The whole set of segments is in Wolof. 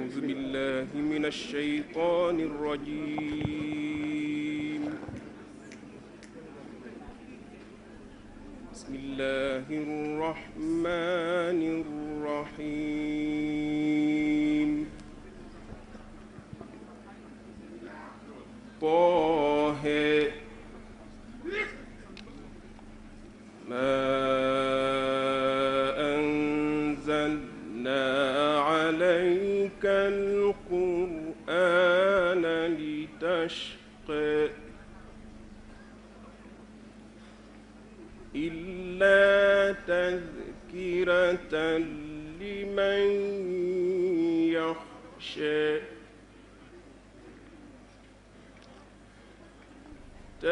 أعوذ بالله من الشيطان الرجيم بسم الله الرحمن الرحيم طه ما شئت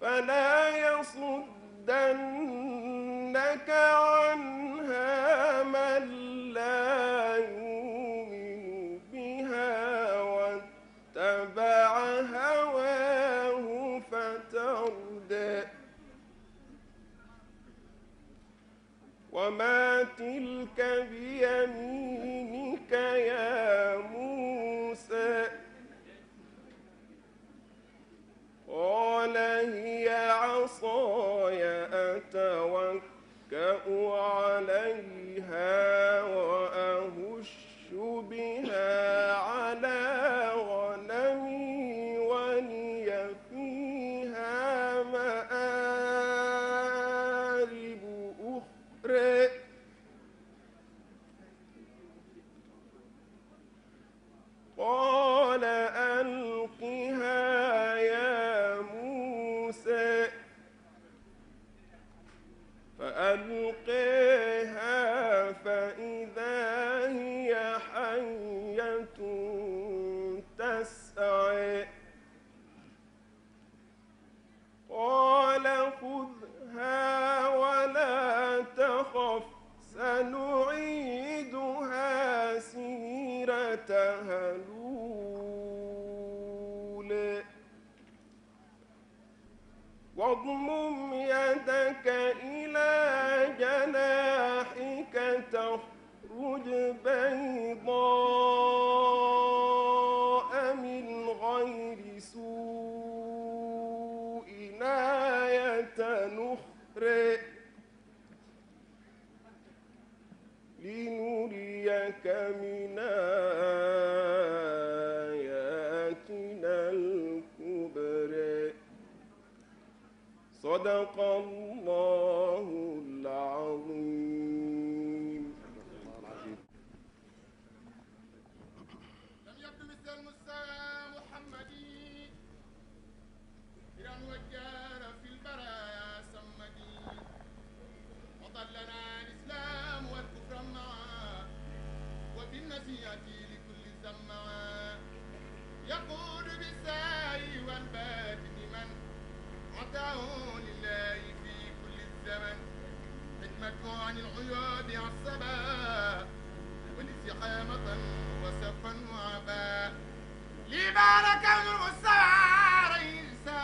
فلا يصدنك عن صدق الله العظيم لم يبدو مثل المستوى محمدي إران وجار في البرايا سمدي وضلنا الإسلام والكفر معا وبالنسيئة لكل زمعا يقول بالسعي والباطن من عطاه الحكمة عن العيوب عصبا والاستقامة وسفا وعبا لبارك السعار إرسا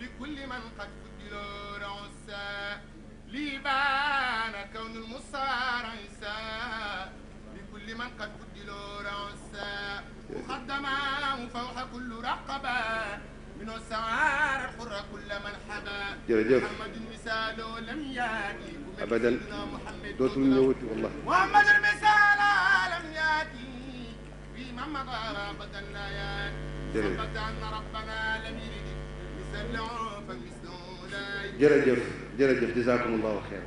لكل من قد فضل رعسا لبان كون المصار عيسى لكل من قد فضل رعسا مقدما فوح كل رقبة من السعار حر كل من حبا جرجف. محمد abadan dootul ñëwati wallah jërëjëf jërëjëf jërëjëf jazakumullahu xeer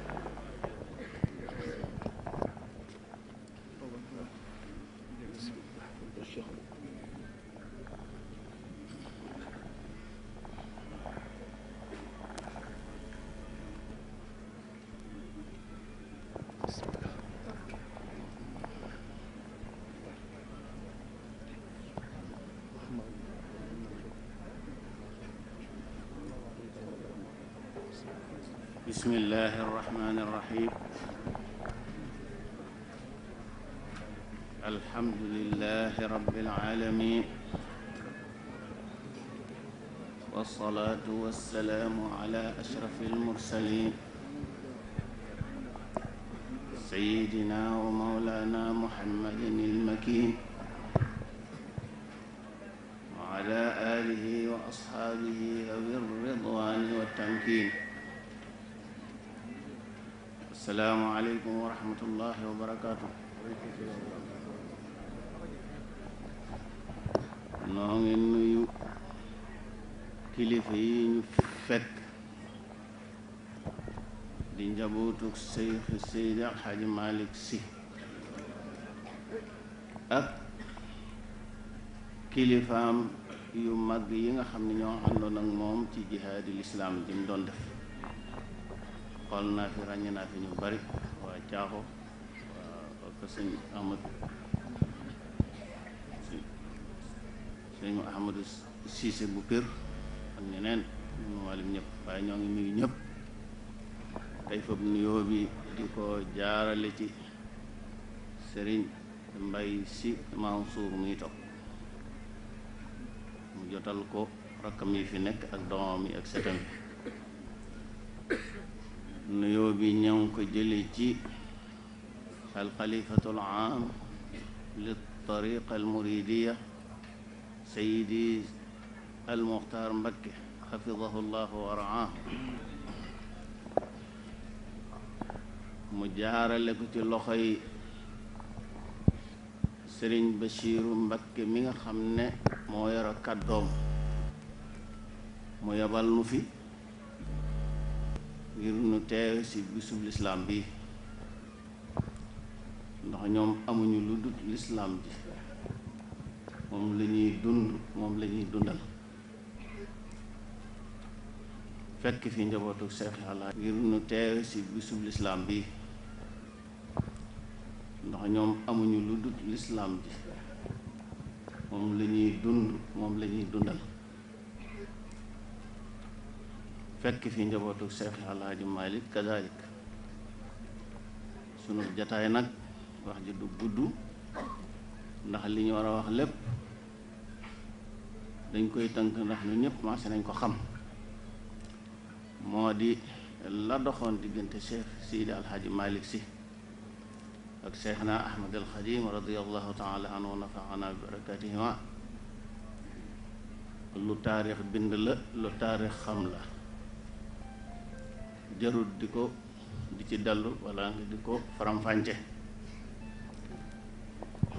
العالمين والصلاة والسلام على أشرف المرسلين سيدنا ومولانا محمد المكين وعلى آله وأصحابه ذوي الرضوان والتمكين السلام عليكم ورحمة الله وبركاته noo ngi nuyu kilifa yi ñu fekk di njabootuk Seex Seydi Alxaaji Malik Si ak kilifaam yu mag yi nga xam ne ñoo àndoon ak moom ci jihaadi lislaam ji mu doon def xool naa fi ràññee naa fi ñu bari waa Caaxo waa ak sëñ Amadu dañu Ahmadou Cissé bu Pire ak ñeneen ñu walim ñëpp waaye ñoo ngi nuyu ñëpp tey fab nuyoo di ko jaarale ci sëriñ Mbay Si Mansour muy mu jotal ko rakkam yi fi nekk ak doomam yi ak setam bi nuyoo ñoo ngi ko jële ci al aam li tariqa al muridiya sayidi almuxtaar mbakke xafidahu llahu wa mu jaarale ko ci loxoy sëriñ Bachiru mbakke mi nga xam ne moo yore kàddoom mu yabal nu fi ngir nu teewe ci bisub lislaam bi ndax ñoom amuñu lu dut lislaam bi moom la ñuy dund moom la dundal fekk fi njabootu Seex Alla ngir nu teew ci bisub lislaam bi ndax ñoom amuñu lu dut lislaam bi moom la ñuy dund moom la dundal fekk fi njabootu Seex Alaaji Maalik kazalik sunu jataay nag wax ji du gudd ndax li ñu war a wax lépp dañ koy tënk ndax ñu ñëpp nañ ko xam moo di la doxoon diggante Cheikh Sidi Alhaji Malick si ak Cheikhna Ahmad al Xadim radiallahu wa nafaana bi barakatihima lu bind la lu taarix xam la jarut di ko di ci dallu wala nga di ko faram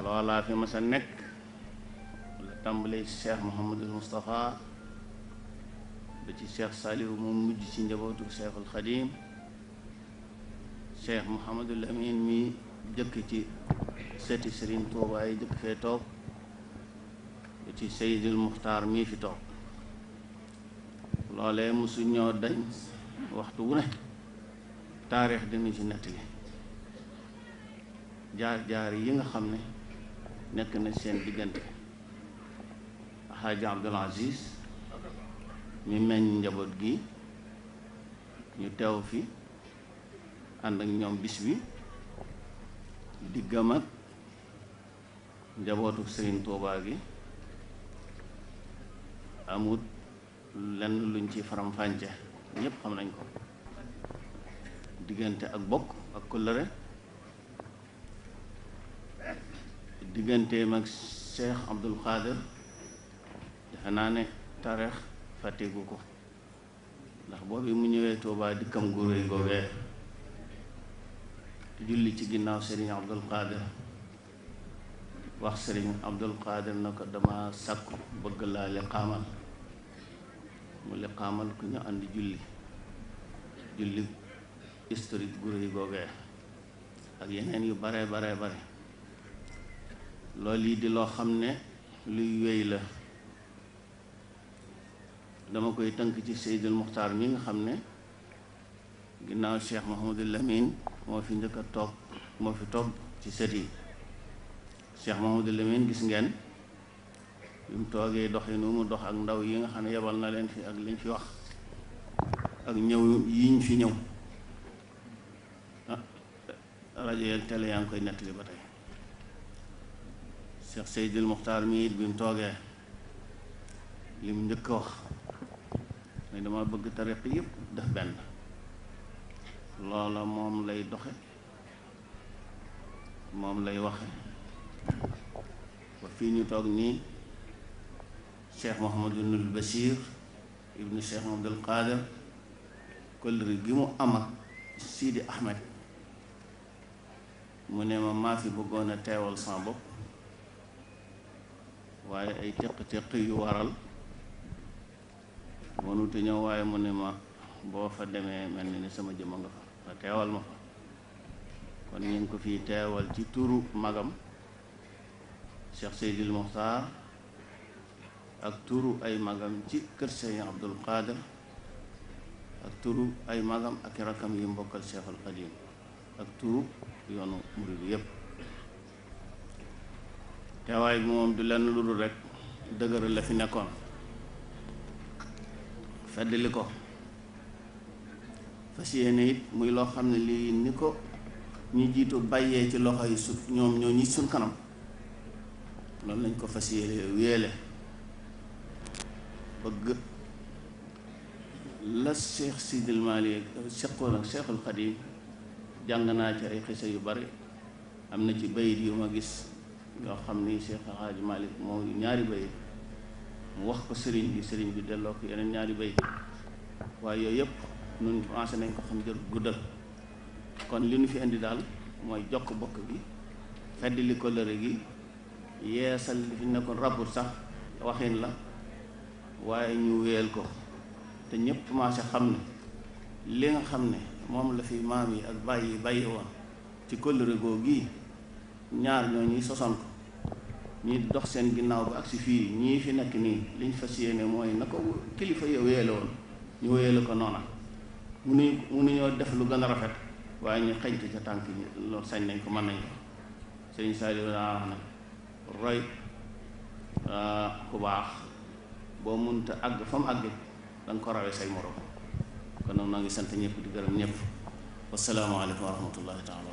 loolaa fi ma sa nekk tàmbalee ci cheikh Mouhamadul Moustapha ba ci cheikh Saliou mu mujj ci njabootu cheikhul Xadim cheikh Mouhamadul Amin mi jëkk ci seti Serigne Touba yi jëkk fee toog ba ci Seydil Muxtaar mii fi toog loolee mosu ñoo dañ waxtu wu ne taarix dina ci nettali jaar-jaar yi nga xam ne nekk na seen diggante. Alxaaji Abdul Aziz mi meññ njaboot gi ñu teew fi ànd ak ñoom bis bi diggam ak njabootu Sëriñ Tuubaa gi amut lenn luñ ci faram-fànce ñépp xam nañ ko diggante ak bokk ak kóllëre digganteem ak Cheikh Abdul Xaadir defe naa ne taarix fàtteegu ko ndax boobu mu ñëwee Tuubaa dikkam gu réy googee julli ci ginnaaw sëriñ Abdul Qaadir wax sëriñ Abdul Qaadir na ko dama sàkku bëgg laa liqaamal mu liqaamal ku ñu ànd julli julli historique gu réy googee ak yeneen yu bare bare bare loolu yi di loo xam ne luy wéy la dama koy tënk ci Seydil Muxtaar mi nga xam ne ginnaaw Cheikh Mouhamadul Lamine moo fi njëkk a toog moo fi toog ci sët yi Cheikh Mouhamadul Lamine gis ngeen bi mu toogee doxinu mu dox ak ndaw yi nga xam ne yebal na leen fii ak liñ fi wax ak ñëw yiñ fi ñëw ah, rajo yeeg télé yaa ngi koy nettali ba tey Cheikh Seydil Muxtaar mi it bi mu toogee li mu njëkk wax mais dama bëgg tariq yëpp def benn loola moom lay doxe moom lay waxe ba fii ñu toog nii cheikh mohamad ibnul basir ibnu cheikh abdul qadir këllëri gi mu am siidi sidi ahmed mu ne ma maa fi bëggoon a teewal sama bopp waaye ay téq-téq yu waral mënuta ñëw waaye mu ne ma boo fa demee mel na ni sama jëmm nga fa nga teewal ma fa kon ñu ngi ko fi teewal ci turu magam Cheikh Seydil Mokhtar ak turu ay magam ci kër Serigne ak turu ay magam ak rakam yi mbokkal Cheikhul Xadim ak turu yoonu muridu yépp teewaay bi moom du lenn lu dul rek dëgëral la fi nekkoon feddali ko fas yéene it muy loo xam ne lii ni ko ñu jiitu bàyyee ci loxo yi su ñoom ñoo ñi suñ kanam loolu lañ ko fas yéene wéele bëgg la Cheikh Sidil Malik seqoon ak jàng naa ci ay xisa yu bari am na ci bayit yu ma gis yoo xam ni Cheikh Hadji Malik moo ñaari bayit mu wax ko sëriñ bi sëriñ bi delloo ko yeneen ñaari béy waaye yooyu yëpp nun commencé nañ ko xam jër guddal kon li nu fi indi daal mooy jokk bokk bi fedd li ko lëre gi yeesal li fi nekkoon rapport sax waxin la waaye ñu wéyal ko te ñëpp commencé xam ne li nga xam ne moom la fi maam yi ak bàyyi yi bàyyi woon ci kóllëre goo gii ñaar ñoo ñuy sosoon ko ñi dox seen ginnaaw ba agsi fii ñii fi nekk nii liñ fas yéene mooy na ko kilifa ya wéyale woon ñu wéyale ko noona mënuñu mënuñoo def lu gën a rafet waaye ñu xeñtu ca tànk yi loolu sañ nañ ko man nañ ko sëriñ Saliou daa wax na ah, ku baax boo munta àgg fa àgg da ko rawee say morom kon nag noo ngi sant ñëpp di gërëm ñëpp wasalaamaaleykum wa rahmatullahi taala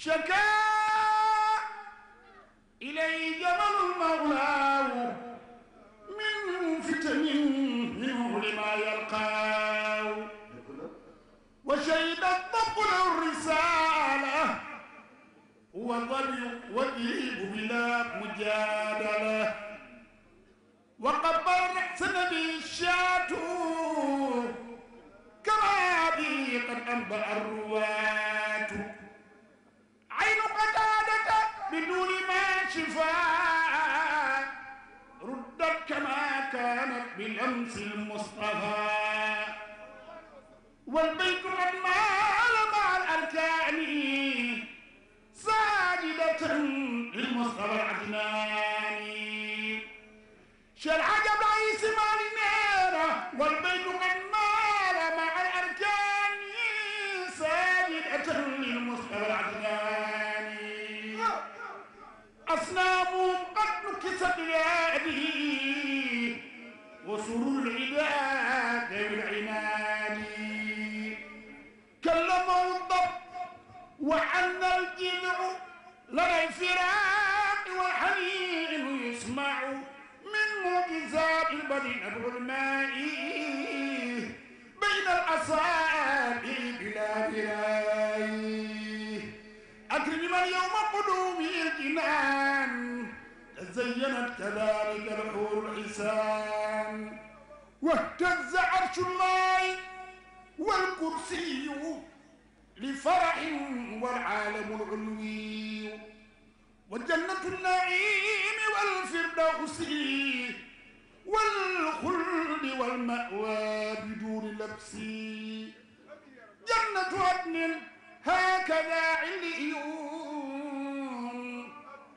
شكا إلي جبل المولى من فتن منه لما يلقاه وشهد الطبق له الرسالة وظل وجيب بلا مجادلة وقبل سند الشاة كما بي قد أنبأ الرواة عين قتادة بدون ما شفاء ردت كما كانت بلمس المصطفى والبيت قد مال مع الأركان ساجدة للمصطفى العدنان شرع جبل الإسلام قد نكست بيده وسرور العباد بالعنان كلمه الضب وأن الجمع لدى الفراق والحنين يسمع من معجزات البديع الظلماء بين الأصابع بلا بلاي أكرم اليوم قدومي الجنان زينت كذلك الحور الحسان واهتز عرش الله والكرسي لفرح والعالم العلوي وجنة النعيم والفردوس والخلد والمأوى بدون لبس جنة عدن هكذا عليون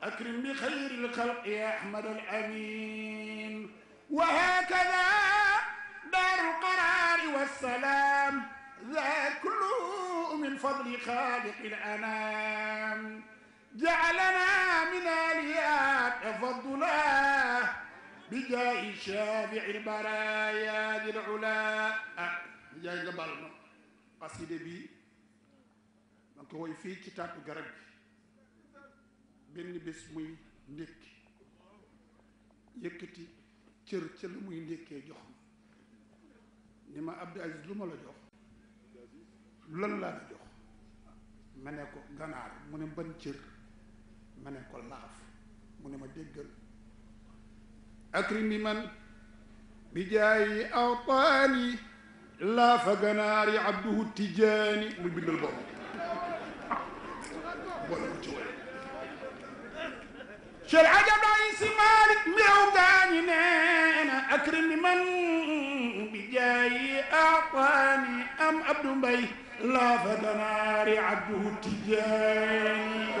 أكرم بخير الخلق يا أحمد الأمين وهكذا دار القرار والسلام ذا كله من فضل خالق الأنام جعلنا من آليات تفضلا بجاه الشافع البرايا ذي العلا جاي قبلنا قصيدة بي دونك هو في كتاب قرب benn bés muy ndékki yëkkati cër ca lu muy ndékkee jox ni ma Abdou Aziz lu ma la jox lan laa la jox ma ne ko ganaar mu ne ban cër ma ne ko laaf mu ne ma déggal akrimi man bi jaayi awtaani laafa ganaari abduhu tijaani muy bindal boobu Cheikh Ajab ay si Malick mbeew gaañi neena akrim bi man bi jaayi aqaani am Abdou Mbaye laa fatanaari abduhu tijaani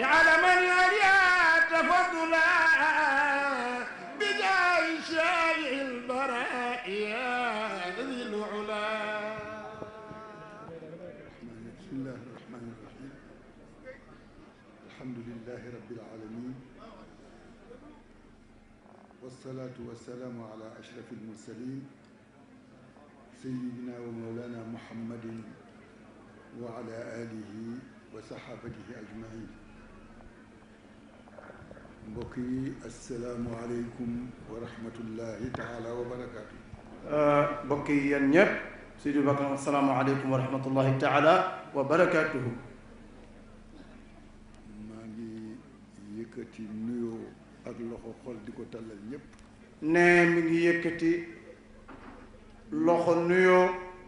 ya'laman ya tafadula wasalaatu wasalaamu ala ashraf almursalin sayidina wa mawlana muhammadin wa ala alihi wa saxaabatihi ajmain mbokk yi asalaamu aleykum wa rahmatullahi taala wa barakaatu mbokk yi yéen ñëpp Seydi Bakar asalaamu aleykum wa rahmatullahi taala wa barakaatuhu maa ngi yëkkati nuyoo ak loxo xol di ko tàllal ñépp ne mi ngi yëkkati loxo nuyoo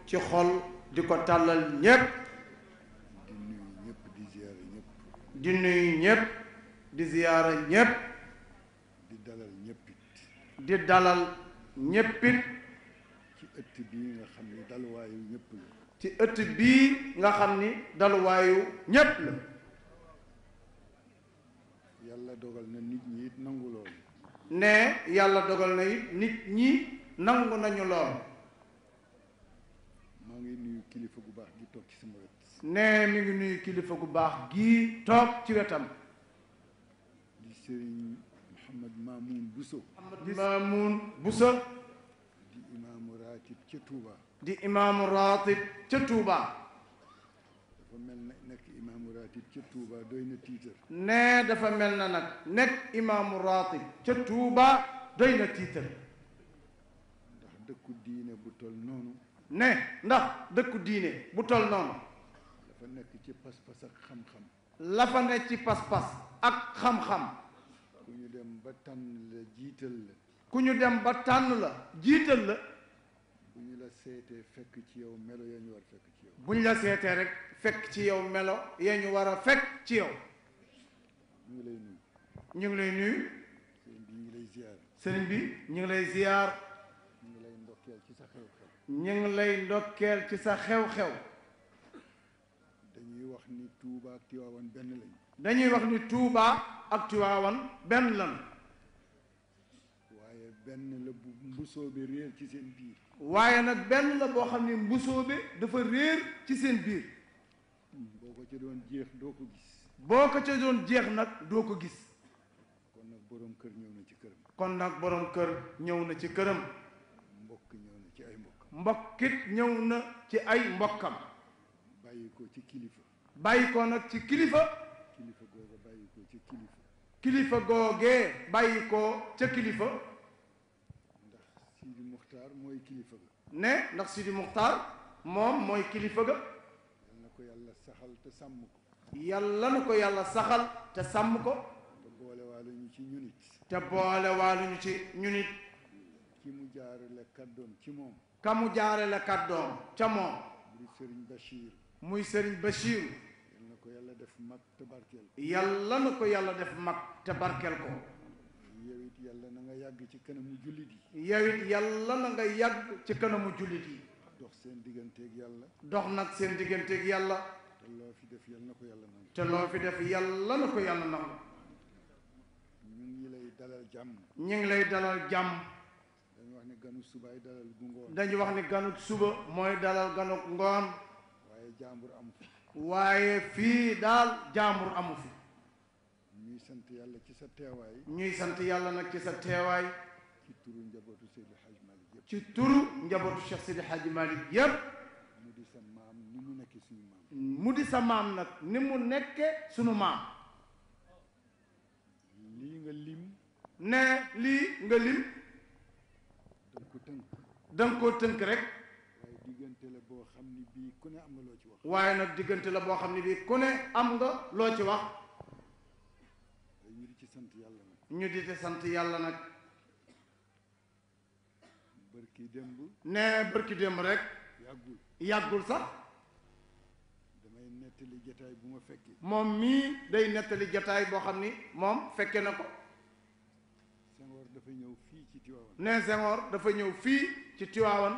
ci xol di ko tàllal ñépp di nuyu ñépp di ziyaara ñépp di dalal ñéppit di dalal ñéppit ci ëtt bii nga xam ni daluwaayu ñépp la ci ëtt bii nga xam ni daluwaayu ñépp la dogal na nit ñi it nangu lool. ne yàlla dogal na it nit ñi nangu nañu lool. maa ngi nuyu kilifa gu baax gi toog ci sama wet. ne mi ngi nuyu kilifa gu baax gi toog ci wetam. di sëriñ Mouhamad Mamoun Bousso. Mouhamad Mamoun Bousso. di imaamu raatib ca Touba. di imaamu raatib ca Touba. ca nee dafa mel na nag nekk imaamu raatib ca Touba doy na tiitar. ndax dëkku diine bu tol noonu. ne ndax dëkku diine bu tol noonu. la fa nekk ci pas-pas ak xam-xam. la fa nekk ci pas-pas ak xam-xam. ku ñu dem ba tànn la jiital la. ku ñu dem ba tànn la jiital la. bu ñu la seetee fekk ci yow melo ya ñu war fekk ci yow. bu ñu la seetee rek fekk ci yow melo ya ñu war a fekk ci yow ñu ngi lay nuyu ñu ngi lay nuyu sëriñ bi ñu ngi lay ziyaar ñu ngi lay ndokkeel ci sa xew-xew ñu ngi lay ndokkeel ci sa xew-xew dañuy wax ni Touba ak Tiwaawan benn lañ dañuy wax ni Touba ak Tiwaawan benn lañ waaye benn la bu réer ci seen biir waaye nag benn la boo xam ne mbusoo bi dafa réer ci seen biir ko ca doon jeex doo ko gis. boo ko ca doon jeex nag doo ko gis. kon nag borom kër ñëw na ci këram. kon nag borom kër ñëw na ci këram. mbokk ñëw na ci ay mbokkam. mbokkit ñëw na ci ay mbokkam. bàyyi ci kilifa. bàyyikoo nag ci kilifa. kilifa googu ci kilifa. kilifa googee bàyyi ca kilifa. ndax Sidi Muxtaar mooy kilifa ga. ne ndax Sidi Muxtaar moom mooy kilifa ga. saxal te sàmm ko yàlla na ko yàlla saxal te sàmm ko te boole ñu ci ñun it te boole waaluñu ci ñun ci mu jaarale kàddoom ci moom ka mu jaarale kàddoom ca moom muy sëriñ Bachir muy sëriñ Bachir yàlla na ko yàlla def mag te barkeel ko yàlla yàlla def mag te barkeel ko yow yàlla na nga yàgg ci kanamu jullit yi yow it yàlla na nga yàgg ci kanamu jullit yi dox seen digganteeg yàlla dox nag seen digganteeg yàlla te loo fi def yal na ko yàlla nangu. te fi def yàlla na ko yàlla nangu. ñu ngi lay dalal jàmm. ñu ngi lay dalal jàmm. dañu wax ne ganu suba ay dalal gu ngoon. dañu wax ne ganu suba mooy dalal ganu ngoon. waaye jàmbur amu fi. waaye fii daal jàmbur amu fi. ñuy sant yàlla ci sa teewaay. ñuy sant yàlla nag ci sa teewaay. ci turu njabootu Seydi Hadj Malick yëpp. njabootu Cheikh Seydi Hadj mu di sa maam nag ni mu nekke sunu maam lii nga lim ne lii nga lim danga ko tënk danga ko tënk rek waaye diggante la boo xam ne bii ku ne am nga loo ci wax waaye nag diggante la boo xam ne bii ku ne am nga loo ci wax ñu di ci sant yàlla nag ñu di ci sant yàlla nag bërki démb ne bërki démb rek yàggul sax nettali bu ma fekkee moom mii day nettali jataay boo xam ni moom fekke na ko Senghor dafa ñëw fii ci dafa ñëw fii ci Tiwaawan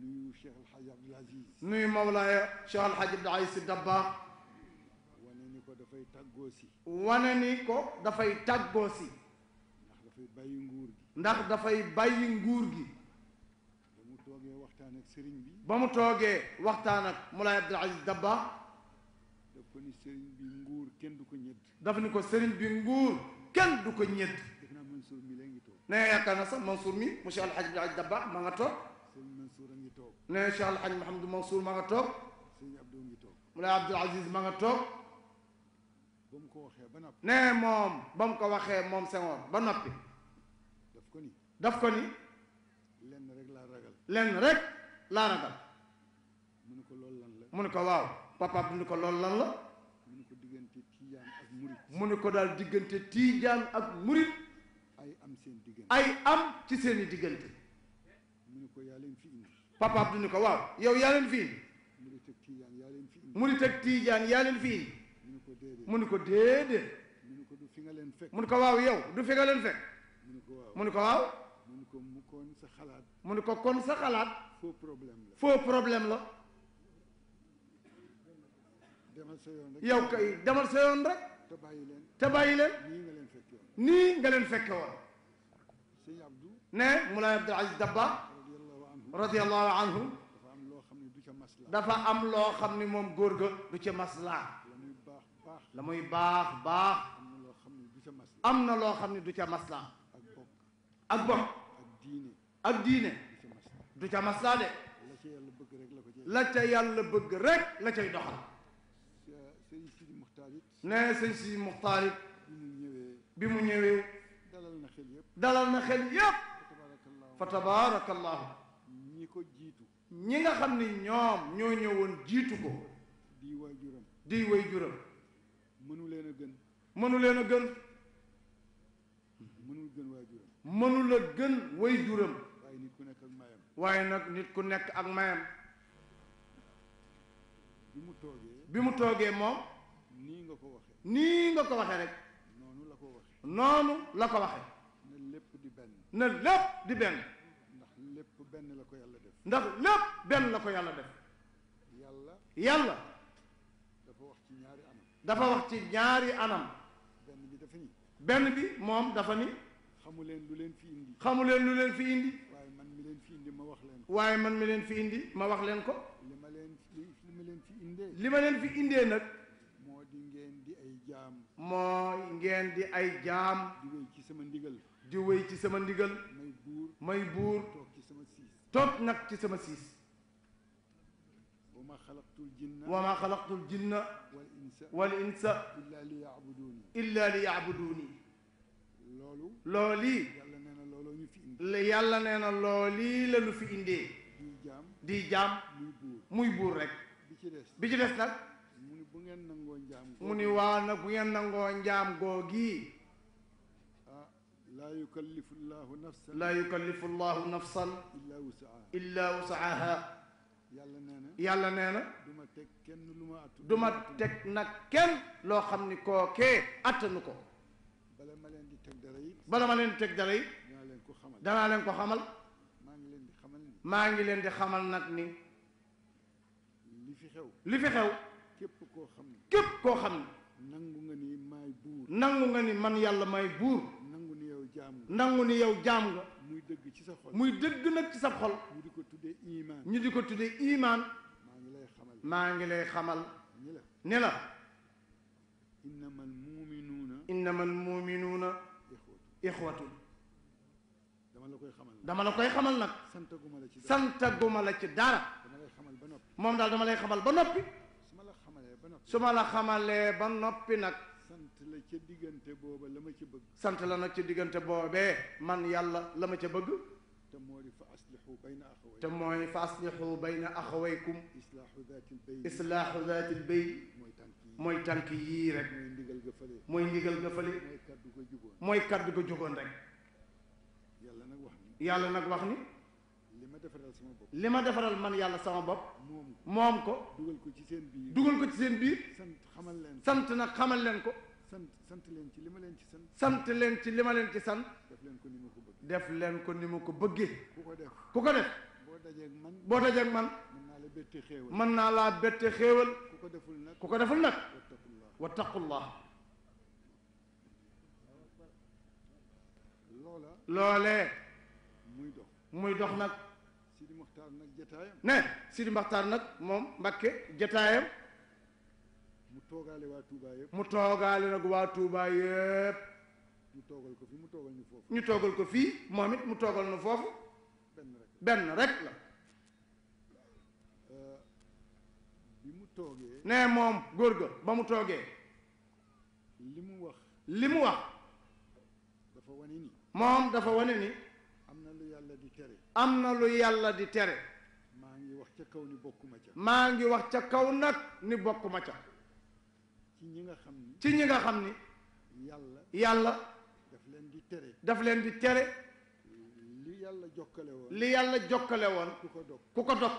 nuyu Cheikh El Hadj Abdoul Aziz nuyu Mawlaaya Cheikh wane ni ko dafay tàggoo si wane ni ko dafay tàggoo si ndax dafay bàyyi nguur gi ndax dafay bàyyi nguur gi ba mu toogee waxtaan ak sëriñ bi ba mu toogee waxtaan ak Moulay Abdul Aziz Dabakh dafa ni sëriñ bi nguur kenn du ko ñëdd dafa ni ko sëriñ bi nguur kenn du ko ñëdd def naa Mansour mi léegi toog ne yaakaar na sax Mansour mi monsieur Alhaji Abdul Aziz Dabakh ma nga toog sëriñ Mansour a ngi toog ne Cheikh Alhaji Mouhamadou Mansour ma nga toog sëriñ Abdou ngi toog Abdul Aziz ma nga toog ba mu ko waxee ba noppi ne moom ba mu ko waxee moom Senghor ba noppi daf ko ni daf ko ni lenn rek laa ragal lenn rek laa ragal mu ko loolu lan la mu ne ko waaw papa mu ne ko lool lan la mu ne ko diggante tiijaan ak murit mu ne ko daal diggante tiijaan ak murit ay am seen diggante ay am ci seeni diggante mu ne ko yaa leen fi indi papa Abdou ni ko waaw yow yaa leen fi indi murit ak tiijaan yaa leen tiijaan yaa leen fi indi mu ne ko déedéet mu ko déedéet mu ne ko du fi nga leen fekk mu ne ko waaw yow du fi nga leen fekk mu ne ko waaw mu ne ko mu ne ko kon sa xalaat mu ne ko kon sa xalaat faux problème la faux problème la yow kay demal sa yoon rek te bàyyi leen te bàyyi leen nii nga leen fekke woon ne Moulay Abdul Aziz Dabba radiyallahu anhu dafa am loo xam ni moom góor ga du ca maslaa la muy baax baax am na loo xam ni du ca maslaa ak bokk ak diine ak diine du ca maslaa de la ca yàlla bëgg rek la cay doxal ne sëñ si muxtaar it bi mu ñëwee dalal na xel yépp fa tabaarakallaahu ñi ko jiitu ñi nga xam ni ñoom ñoo ñëwoon jiitu ko di way juram di way juram a gën mënu leen a gën mënul gën way juram mënul a waaye nag nit ku nekk ak mayam bi mu toogee bi mu toogee moom nii nga ko waxee nii nga ko waxee rek noonu la ko waxee noonu la ko waxee na lépp di benn na lépp di benn ndax lépp benn la ko yàlla def ndax lépp benn la ko yàlla def yàlla yàlla dafa wax ci ñaari anam dafa wax ci ñaari anam benn bi dafa ni benn bi moom dafa ni xamu leen lu leen fi indi waaye man mi leen fi indi ma wax leen ko. li ma leen fi indee. li ma leen fi indee nag. moo di ngeen di ay jaam. moo ngeen di ay jaam. di wéy ci sama ndigal. di wéy ci sama ndigal. may buur may buur. toog ci sama siis. toog nag ci sama siis. wa ma xalaqtul jinna. wa ma xalaqtul jinna. wal insa. wal insa. illa li yaabuduuni. illa li yaabuduuni. loolu. loolu. yàlla nee na loolii la lu fi indee di jaam muy buur rek bi ci des nag mu ni waa nag bu ngeen nangoo njaam googii laa yukallifu llahu nafsan laa yukallifu llahu nafsan illaa wusaha yàlla nee na yàlla nee na du ma teg kenn lu ma teg nag kenn loo xam ni kookee attanu ko bala ma leen di teg dara yi bala ma leen di teg dara yi danaa leen ko xamal maa ngi leen di xamal maa ngi leen di xamal nag ni li fi xew li fi xew képp koo xam ne képp koo xam nangu nga ni maay buur nangu nga ni man yàlla may buur nangu ni yow jaam nga nangu ni yow jaam nga muy dëgg ci sa xol muy dëgg nag ci sa xol ñu di ko tuddee imaan ñu di ko tuddee imaan maa ngi lay xamal maa ngi lay xamal ni la ni la innamal muminuuna innamal muminuuna ixwatu dama la koy xamal nag santaguma la ci dara moom daal dama lay xamal ba noppi su ma la xamalee ba noppi nag sant la ca diggante booba la ma ca bëgg sant la nag ci diggante bee man yàlla la ma ca bëgg te mooy fa aslixu bayna axawaykum te mooy fa aslixu bayna axawaykum islaaxu zaatil bay mooy tànk yii rek mooy ndigal ga fële mooy kar ga jugoon rek yàlla nag wax ni. li ma defaral sama bopp li ma defaral man yàlla sama bopp. moom ko moom ko. dugal ko ci seen biir dugal ko ci seen biir. sant xamal leen sant nag xamal leen ko. sant sant leen ci li ma leen ci sant. sant leen ci li ma leen ci sant. def leen ko ni ma ko bëggee. leen ko ni ma ko bëggee. ku ko def ku ko def. boo dajeeg man boo dajeeg man. mën naa la bette xéewal naa laa bette xéewal. ku ko deful nag ku ko deful nag. wattaqullah loolee. muy dox nag Sidi Maxtaar nag jataayam ne Sidi Maxtaar nag moom Mbakke jataayam mu toogaale waa Touba yëpp mu toogaale nag waa Touba yëpp ñu toogal ko fi mu toogal ñu foofu ñu toogal ko fii moom it mu toogal na foofu benn rek rek la euh, bi mu toogee ne moom góor ga ba mu toogee li mu wax li mu wax dafa wane ni moom dafa wane nii am na lu yàlla di tere maa ngi wax ca kaw ni bokkuma ca maa ngi wax ca kaw nag ni bokkuma ca ci ñi nga xam ni ci ñi nga xam ni yàlla yàlla daf leen di tere daf leen di tere li yàlla jokkale woon li yàlla jokkale woon ku ko dog ku ko dog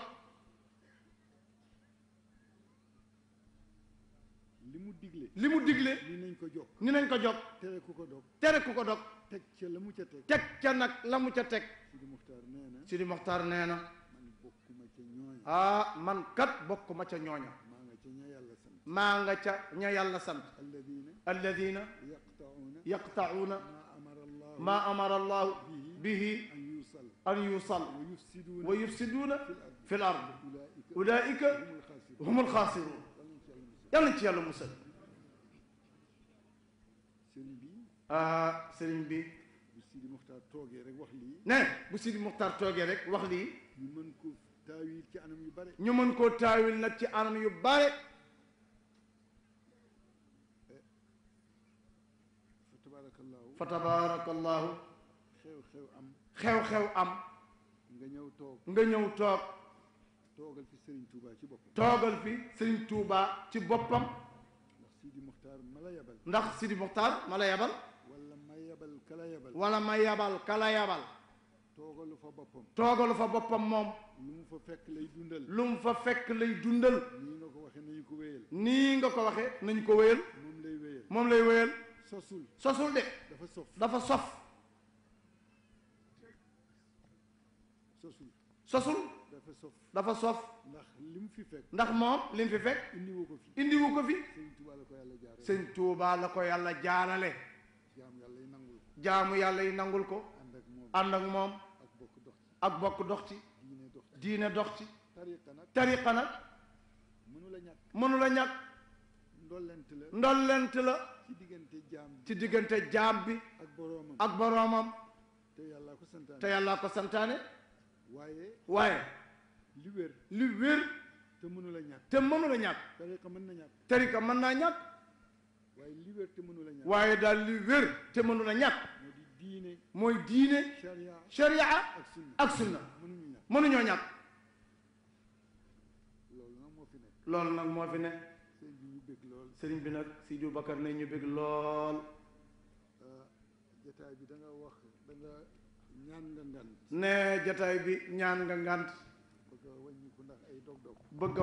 digle li mu digle ni nañ ko jog ni nañ ko jog tere ku ko dog tere ku ko dog teg ca la mu ca teg teg ca nag la mu ca teg Sidi Moxtaar nee na Sidi Moxtaar nee na man bokkuma ca ñooña ah man kat bokkuma ca ñooña maa nga ca ña yàlla sant maa nga ca ña yàlla sant alladina alladina yaqtauuna yaqtauuna maa amara allahu bihi an yusal wa yufsiduuna fi l ard ulaika hum alxaasiruun yàlla ci yàlla musal ah sëriñ bi. bu Sidi Muxtaar toogee rek wax lii. ne bu Sidi Muxtaar toogee rek wax lii. ñu mën ko taawil ci anam yu bare. ñu mën koo taawil nag ci anam yu bare. fa tabaarakallaahu. xew-xew am. xew-xew am. nga ñëw toog. nga ñëw toog. toogal fi Serigne Touba ci boppam. toogal fi Serigne Touba ci boppam. ndax Sidi Muxtaar ma la yabal. ndax Sidi Muxtaar ma la yabal. yabal kala yabal wala ma yabal kala yabal toogalu fa boppam toogalu fa boppam moom lu mu fa fekk lay dundal lu mu fa fekk lay dundal nii nga ko waxe nañ ko wéyal nii nga ko waxee nañu ko wéyal moom lay wéyal moom lay wéyal sosul de dafa sof dafa sof sosul sosul dafa sof ndax li fi fekk ndax moom li mu fi fekk indiwu ko fi indiwu ko fi sëñ Tuubaa yàlla la ko yàlla jaarale jaamu yàlla yi nangul ko ànd ak moom ak bokk dox ci diine dox ci tariqa nag mënu la ñàkk ndollent la ndollent la ci diggante jaam ci diggante jaam bi ak boroomam ak boroomam te yàllaa ko santaane te santaane waaye waaye li wér li wér te mënu la ñàkk te mënu la ñàkk mën na ñàkk tariqa mën naa ñàkk waaye li mënu la waaye daal li wér te mënu la mooy diine sharia ak sunna mënuñoo ñàkk loolu nag moo fi ne loolu nag moo fi ne sëriñ bi nag Sidi Bakar ne ñu bëgg lool euh, jataay bi da nga wax da nga ñaan nga ngant ne jataay bi ñaan nga ngant bëgg a wàññiku ay dog dog bëgg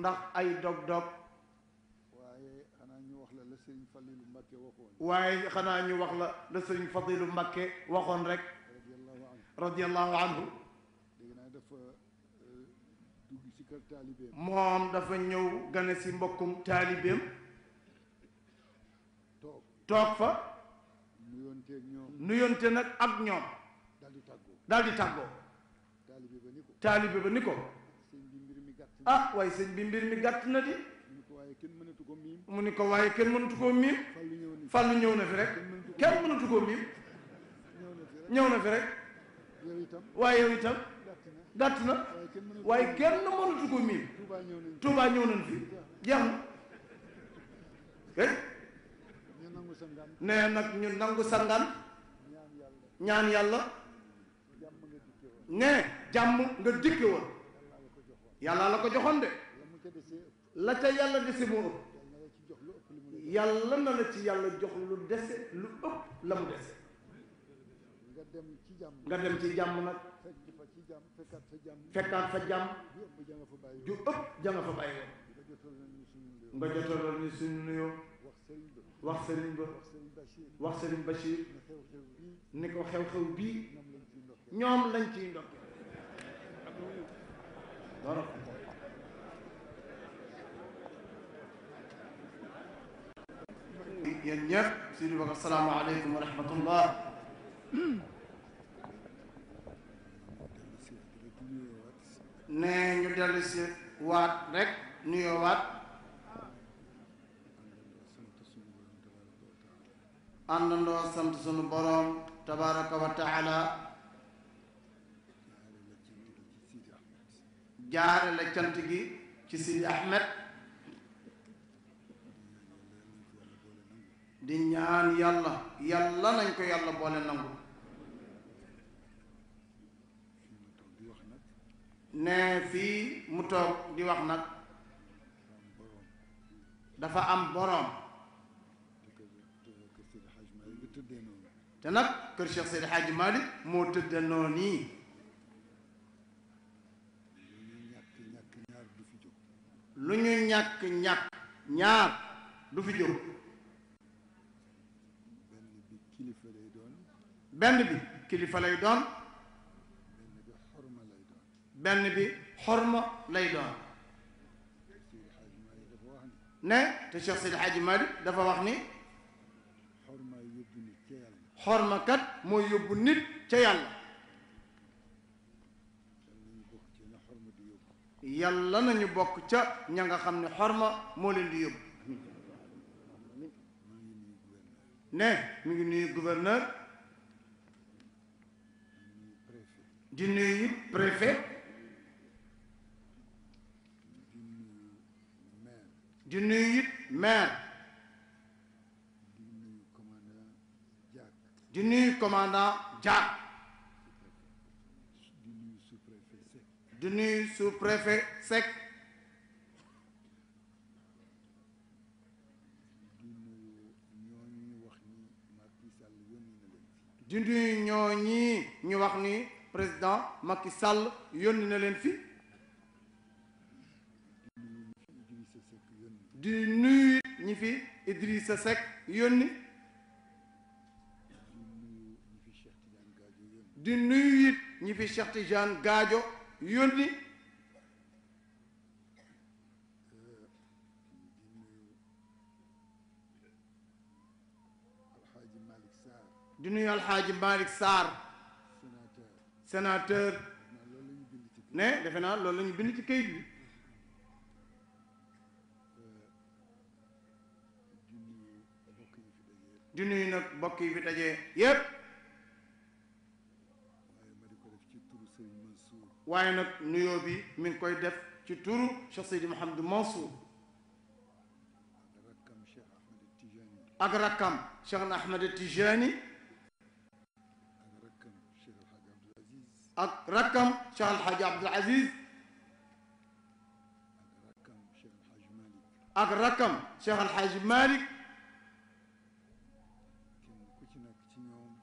ndax ay dog dog sëriñ Falilu Mbàkke waxoon waaye xanaa ñu wax la la sëriñ Fadilu Mbàkke waxoon rek radiallahu anhu dégg naa dafa euh, ci kër taalibeem moom dafa ñëw gane si mbokkum taalibeem toog fa nuyonte ak ñoom nuyonte nag ak ñoom daal di tàggoo ba ni ko ah waaye sëñ bi mbir mi gàtt na di waaye kenn mënatu ko miim. mu ni ko waaye kenn mënatu koo miim. fàllu ñëw na fi rek. kenn mënatu koo miim. ñëw na fi rek. waaye yow itam. gàtt na waaye kenn mënatu ko miim. Touba ñëw nañ fi jeex na. nee nag ñu nangu sangaan ñaan yàlla ne jàmm nga dikke woon yàlla la ko joxoon de la ca yàlla dese moo ëpp yàlla na la ci yàlla jox lu dese lu ëpp la mu dese nga dem ci jàmm nga ci jàmm nag fekkaat fa jàmm ju ëpp ja nga fa bàyyi wax nga jotaloon ni suñu wax sëriñ ba wax sëriñ Bachir ni ko xew-xew bii ñoom lañ ciy ndokkee yéen ñëpp suñu bëgg asalaamaaleykum wa rahmatullah ne ñu dellu waat rek nuyoo waat àndandoo sant sunu boroom tabaraka wa jaare la cant gi ci Sidi Ahmed di ñaan yàlla yàlla nañ ko yàlla boole nangu ne fii mu toog di wax nag dafa am boroom te nag kër Cheikh Seydi Hadji Malick moo tëdde noonu nii lu ñu ñàkk ñàkk ñaar du fi jóg benn bi kilifa lay doon benn bi xorma lay doon ne te Cheikh Seydi Hadji Malick dafa wax ni xorma kat mooy yóbbu nit ca yàlla yàlla nañu bokk ca ña nga xam ne xorma moo leen di yóbbu ne mi ngi nuyu gouverneur di nuyu préfet di nuyu maire di nuyu commandant Diack di nuyu sous-préfet Seck di nuyu ñoo ñi ñu wax ni président Macky Sall yónni na leen fi di nuyu ñi fi Idrissa Seck yónni di nuyu it ñi fi Cheikh Tidiane Gadio yónni di nuyu Alxaaji Malick Sarr sénateur ne defe naa loolu la ñu bind ci kayit bi di nuyu nag mbokk yi fi dajee yépp waaye nag nuyoo bi mi ngi koy def ci turu Cheikh Seydi Mouhamadou Mansour ak rakkam Cheikh Ahmed Tijani ak rakkam Cheikh El ak rakkam Cheikh El Hadj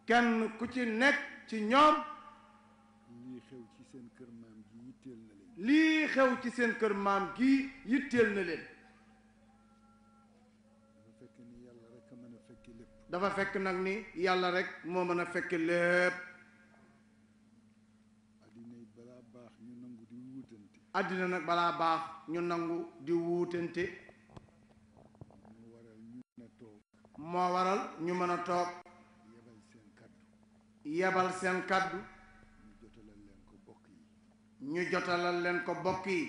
kenn ku ci nekk ci ñoom lii xew ci seen kër maam gi yitteel na leen lii xew ci seen kërmaam gi yitteel na leen dafa fekk nag ni yàlla rek moo mën a fekke lépp àddina nag balaa baax ñu nangu di wuutante moo waral ñu mën a toog yebal seen kàddu ñu jotalal leen ko bokk yi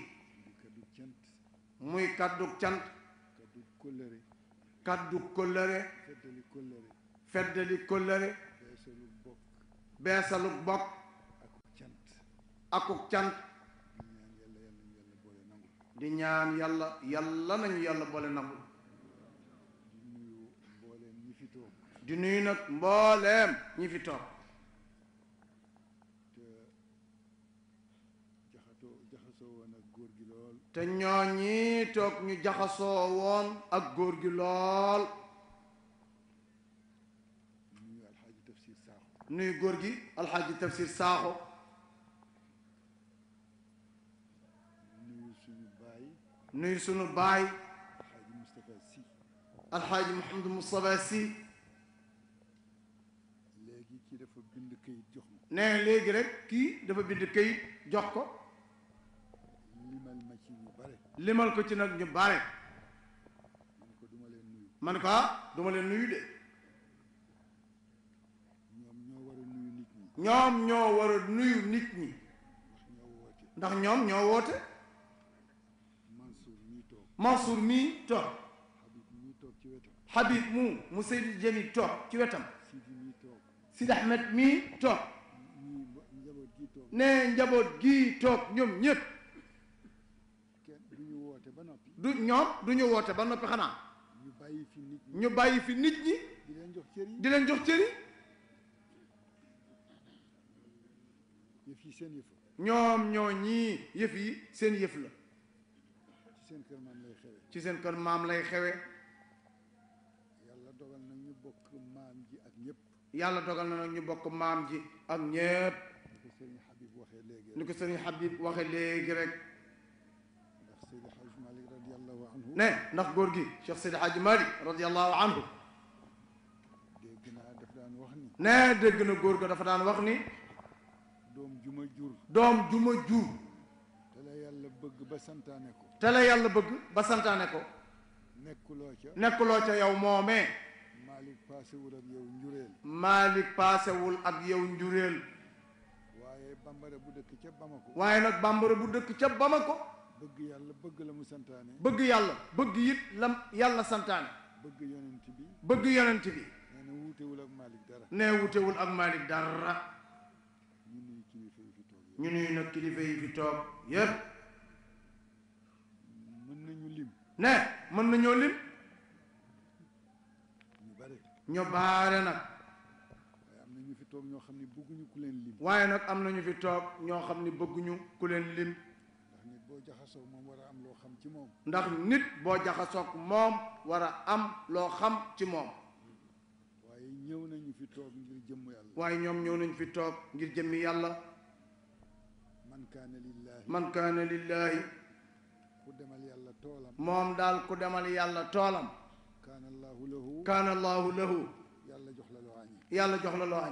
muy kàddu cant kàddu kóllëre feddali kóllëre beesaluk bokk akuk cant di ñaan yàlla yàlla nañu yàlla boole nangul di nuyu nag mbooleem ñi fi toog te ñoo ñii toog ñu jaxasoo woon ak góor gi lool nuyu góor gi alxaaji tafsir saaxo nuyu sunu baay alxaaji Mouhamadou Moustapha Sy léegi ci dafa bind këyit jox ma nee léegi rek kii dafa bind këyit jox ko limal ma ci ñu bare limal ko ci nag ñu bare man ko duma leen nuyu man ko ah, duma leen nuyu de ñoom ñoo war a nuyu nit ñi ñoom ñoo war a nuyu nit ñi ndax ñoom ñoo woote Mansour mii toog Habib mu mu Seydi Jami toog ci wetam Sidi Ahmed mii toog ne njaboot gi toog ñoom ñëpp du ñoom du ñu woote ba noppi xanaa ñu bàyyi fi nit ñi di leen jox cëri ñoom ñoo ñii yëf yi seen yëf la ci seen kër maam lay xewe yàlla dogal na ñu bokk maam ji ak ñépp yàlla dogal na nag ñu bokk maam ji ak ñëpp ni ko sëriñ Habib waxee léegi ni ko sëriñ Habib waxee léegi rek ndax Seydi Hadj Malick radiallahu anhu ne ndax góor gi Cheikh Seydi Hadj Malick radiallahu anhu dégg naa daf daan wax ni ne dégg na góor ga dafa daan wax ni doom ju ma jur doom juma ma jur te la yàlla bëgg ba santaane ko te la yàlla bëgg ba santaane ko nekkuloo ca nekkuloo ca yow moomee Malik paasewul ak yow njureel Malik paasewul ak yow njureel waaye bambara bu dëkk ca Bamako waaye nag bambara bu dëkk ca bama ko bëgg yàlla bëgg la mu santaane bëgg yàlla bëgg it la yàlla santaane bëgg yonent bi bëgg yonent bi nee na wuutewul ak Malik dara nee wutewul ak Malik dara ñu nuyu kilifa yi fi toog yëpp ne mën nañoo lim ñu ñoo baare nag waaye nag am na ñu fi toog ñoo xam ne bëgguñu ku leen lim ndax nit boo jaxasoog moom war a am loo xam ci moom waaye ñëw nañu fi toog ngir jëmm yàlla waaye ñoom ñëw nañu fi toog ngir jëmmi yàlla man kaana lillaahi moom daal ku demal yàlla toolam kaan lahu kaanallaahu lahu yàlla jox la loo añi yàlla jox la loo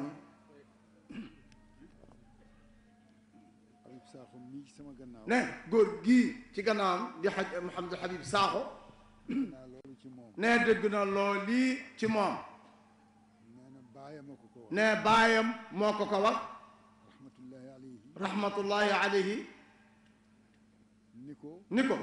ci sama gannaaw ne góor gii ci gannaawam di xaj Mouhamadou Habib Sakho ne dégg na loo ci moom ne baayam moo ko ko wax rahmatullahi alayhi ni ko ni ko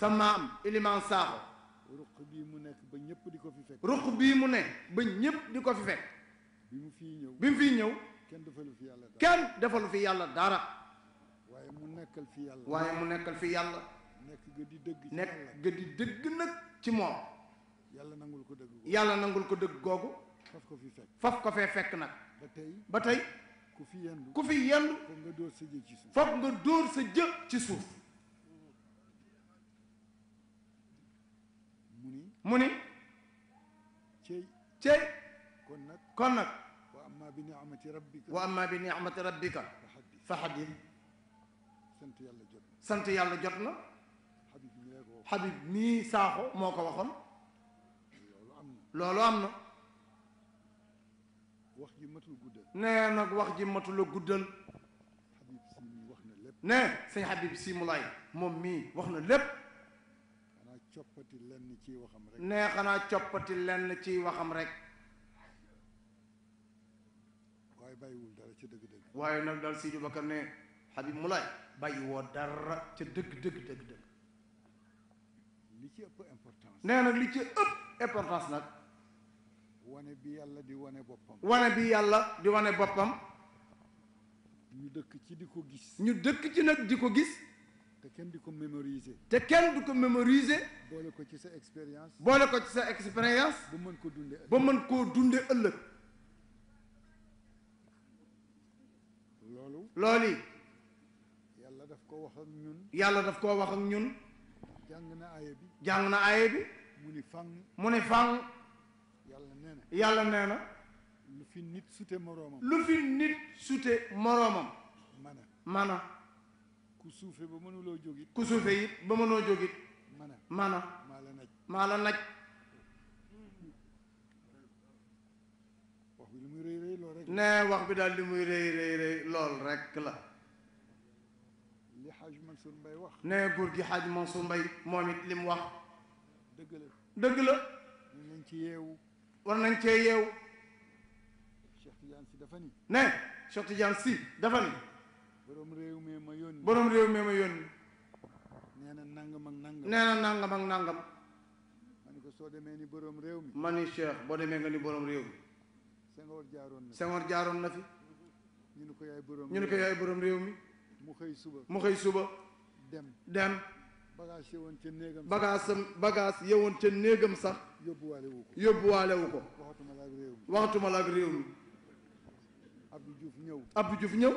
sa maam Ilimaan Saaxo ruq bii mu nekk ba ñëpp di ko fi fekk ruq bii mu ne ba ñëpp di ko fi fekk bi mu fi ñëw bi mu fii ñëw kenn defalu fi yàlla dara kenn defalu yàlla dara waaye mu nekkal fi yàlla waaye mu nekkal fi yàlla nekk ga di dëgg ci nekk ga di dëgg nag ci moom yàlla nangul ko dëgg googu yàlla nangul ko dëgg googu faf ko fi fekk faf fee fekk nag ba tey ba tey ku fi yendu ku fi yendu foog nga dóor sa jë ci suuf foog nga dóor sa jë ci suuf mu ni cey cey kon nag kon nag wa amma bi ni'mati rabbika wa amma bi ni'mati rabbika fa xadis yàlla jot sant yàlla jot na Habib mii Sakho moo ko waxoon loolu am na wax ji matul guddal wax ji matul guddal Habib wax na lépp nee moom mii wax na lépp coppati lenn ciy waxam rek. nee xanaa coppati lenn ciy waxam rek. waaye bàyyiwul dara ca dëgg-dëgg. waaye nag daal Sidi Bakar ne Habib Moulay bàyyi woo dara ca dëgg dëgg dëgg dëgg. li ci ëpp importance. nee nag li ci ëpp importance nag. wane bi yàlla di wane boppam. wane bi yàlla di wane boppam. ñu dëkk ci di ko gis. ñu dëkk ci nag di ko gis. kenn di ko mémoriser. te kenn du ko mémoriser. boole ko ci sa expérience. boole ko sa expérience. ba mën ko dundee ba mën koo dundee ëllëg. loolu. loolu. yàlla daf ko wax ak ñun. yàlla daf koo wax ak ñun. jàng na aaye bi. jàng na aaye bi. mu ni fang. mu ni fang. yàlla nee yàlla nee na. lu fi nit sute moroomam. lu fi nit sute moroomam. mana mana. ku suufe ba mënuloo jógit ku suufe it ba mënoo jógit mana mana maa la naj maa la naj muy rëy lool rek nee wax bi daal li muy rëy rëy lool rek la li xaaj Mansour Mbay wax nee gur gi xaaj Mansour Mbay moom it li wax dëgg la dëgg la war ci yeewu war nañ cee yeewu Cheikh Tidiane si dafa ni nee Cheikh Tidiane si dafa ni borom réew mi ma yónni borom réew mi ma yónni nee na nangam ak nangam nee na nangam ak nangam ma ni ko soo demee ni borom réew mi ma ni Cheikh boo demee nga ni borom réew mi Senghor jaaroon na Senghor jaaroon na fi ñu ni ko yaay borom ñu ni ko yaay borom réew mi mu xëy suba mu xëy suba dem dem bagage yewoon ca néegam bagage bagage yewoon ca néegam sax yóbbuwaale wu ko yóbbuwaale wu ko waxatuma la ak réew mi waxatuma la ak réew mi Abdou Diouf ñëw Abdou Diouf ñëw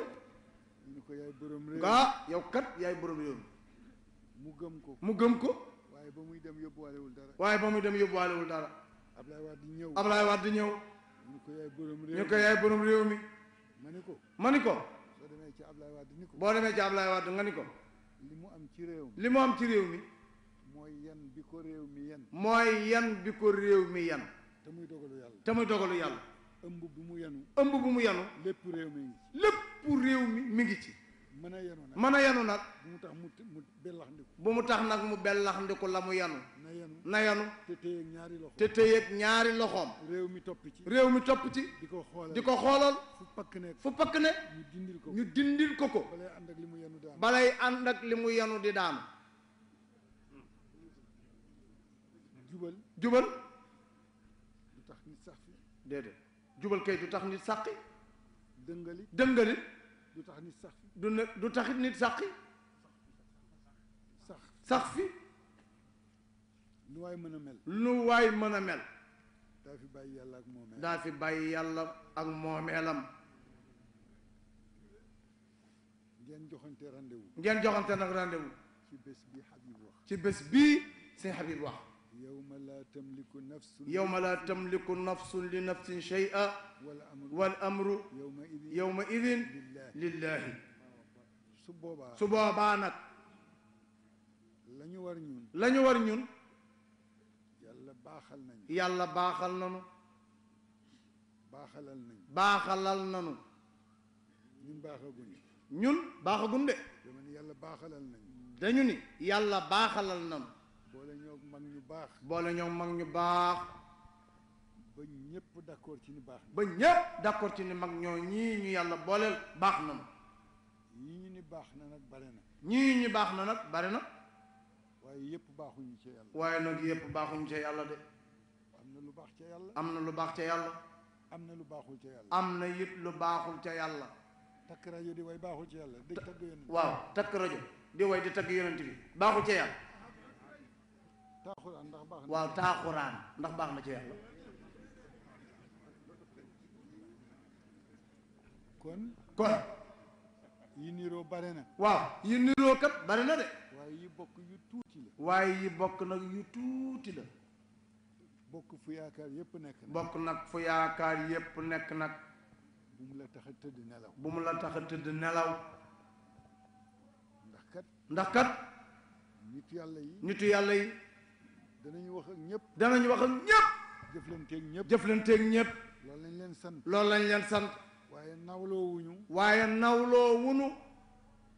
ko yaay borom réew ah yow kat yaay borom yoon. mu gëm ko mu gëm ko. waaye ba muy dem yóbbuwaalewul dara. waaye ba muy dem yóbbuwaalewul dara. Ablaye Wade di ñëw Ablaye Wade di ñëw. mu ko yaay borom réew mi ñu ko yaay borom réew mi. ma ni ko ma ni ko. boo demee ci ab Ablaye Wade ni ko. boo demee ci Ablaye Wade nga ni ko. li mu am ci réew mi li mu am ci réew mi. mooy yan bi ko réew mi yan. mooy yan bi ko réew mi yan. te muy dogalu yàlla te muy dogalu yàlla. ëmb bu mu yanu. ëmb bu mu yanu. lépp réew mi ngi ci. lépp réew mi mi ngi ci. mën a yanu nag mën a yanu nag. bu mu tax mu bellaxndiku. bu mu tax nag mu bellaxndiku la mu yanu. na yanu na yanu. te téyeeg ñaari loxoom réew mi topp ci. réew mi topp ci. di ko xoolal di ko xoolal. fu pakk ne fu pakk ne. ñu dindil ko ñu dindil ko ko. balay ànd ak li mu yanu di daanu balay yanu di daanu. jubal jubal. du tax nit sax fi. déedéet jubal kay du tax nit sàqi dëngali dëngali. du tax nit sax fi du ne du taxit nit sax sax sax fi lu waay mën a mel lu waay mën a mel daa fi bàyyi yàlla ak moomeelam daa fi bàyyi yàlla ak moomeelam ngeen joxante rendez-vous ngeen joxante nag rendez-vous ci bés bi Habib wax ci bés bii seen Habib wax yawma laa tamliku nafsun yawma laa tamliku nafsun li nafsin shay'a wal amru yawma idin lillaahi su boobaa su boobaa nag lañu ñu war ñun la ñu war ñun yàlla baaxal nañu yàlla baaxal nanu baaxalal nañu baaxalal nañu ñun baaxaguñu ñun baaxagun de dama ni yàlla baaxalal nañu dañu ni yàlla baaxalal nañu boole ñoo mag ñu baax boole ñoo mag ñu baax ba ñëpp d'accord ci ni baax na. ba ñëpp d'accord ci ni mag ñoo ñii ñu yàlla booleel baax na ma. ñii ñu ni baax na nag bare na. ñii ñu baax na nag bare na. waaye yëpp baaxuñu ca yàlla. waaye nag yëpp baaxuñu ca yàlla de. am na lu baax ca yàlla. am na lu baax ca yàlla. am na lu baaxul ca yàlla. am na it lu baaxul ca yàlla. takk rajo di way baaxul ca yàlla di tagg yonent bi. waaw takk rajo di way di tagg yonent bi baaxul ca yàlla. ndax baax na waaw taaxuraan ndax baax na ca yàlla. kon kon yi niroo bare na waaw yi niroo kat bare na de waaye yi bokk yu tuuti la waaye yi bokk nag yu tuuti la bokk fu yaakaar yépp nekk nag bokk nag fu yaakaar yépp nekk nag bu mu la tax tëdd nelaw bu mu la nelaw ndax kat ndax kat nitu yàlla yi nitu yàlla yi danañu wax ak ñëpp danañu wax ak ñëpp jëflanteeg ñëpp jëflanteeg ñëpp loolu lañ leen san loolu lañ leen sant waaye nawloo wuñu waaye nawloo wuñu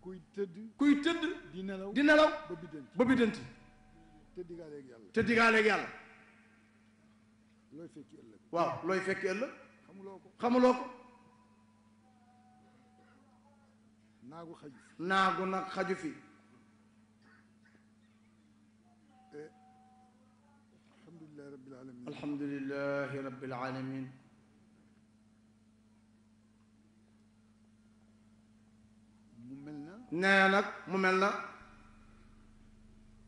kuy tëdd kuy tëdd di nelaw di nelaw ba biddanti ba biddanti te digaaleeg yàlla te digaaleeg yàlla looy fekki ëllëg waaw looy fekki ëllëg xamuloo ko xamuloo ko naagu xaju fi naagu nag xaju fi eh, alhamdulilahi rabbil alamin alhamdulilahi rabbil alamin nee nag mu mel na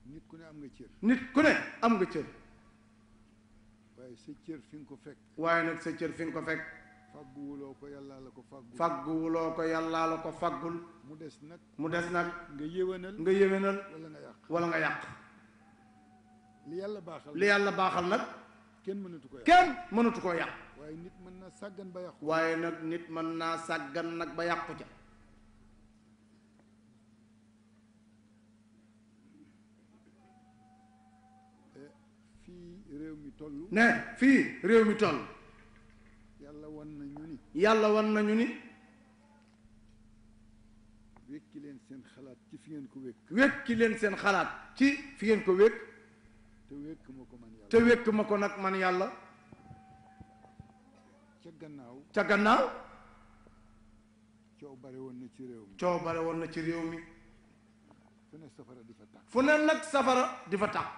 nit ku ne am nga cër nit ku ne am nga cër waaye sa cër fi nga ko fekk waaye nag sa cër fi nga ko fekk fàgguwuloo ko yàllaa la ko fàggul fàgguwuloo ko yàllaa la ko fàggul mu des nag mu des nag nga yéwénal nga yéwénal wala nga yàq wala nga yàq li yàlla baaxal li yàlla baaxal nag kenn mënatu ko yàq kenn mënatu koo yàq waaye nit mën naa sàggan ba yàqu waaye nag nit mën naa sàggan nag ba yàqu ca ne fii réew mi toll yàlla wan nañu ni yàlla wan nañu ni wékki leen seen xalaat ci fi ngeen ko wékk wékki leen seen xalaat ci fi ngeen ko wékk te wékk ma ko man yàlla te ko nag man yàlla ca gannaaw ca gannaaw coow bare woon na ci réew mi coow na ci réew mi fu ne safara di fa tàkk fu ne nag safara di fa tàkk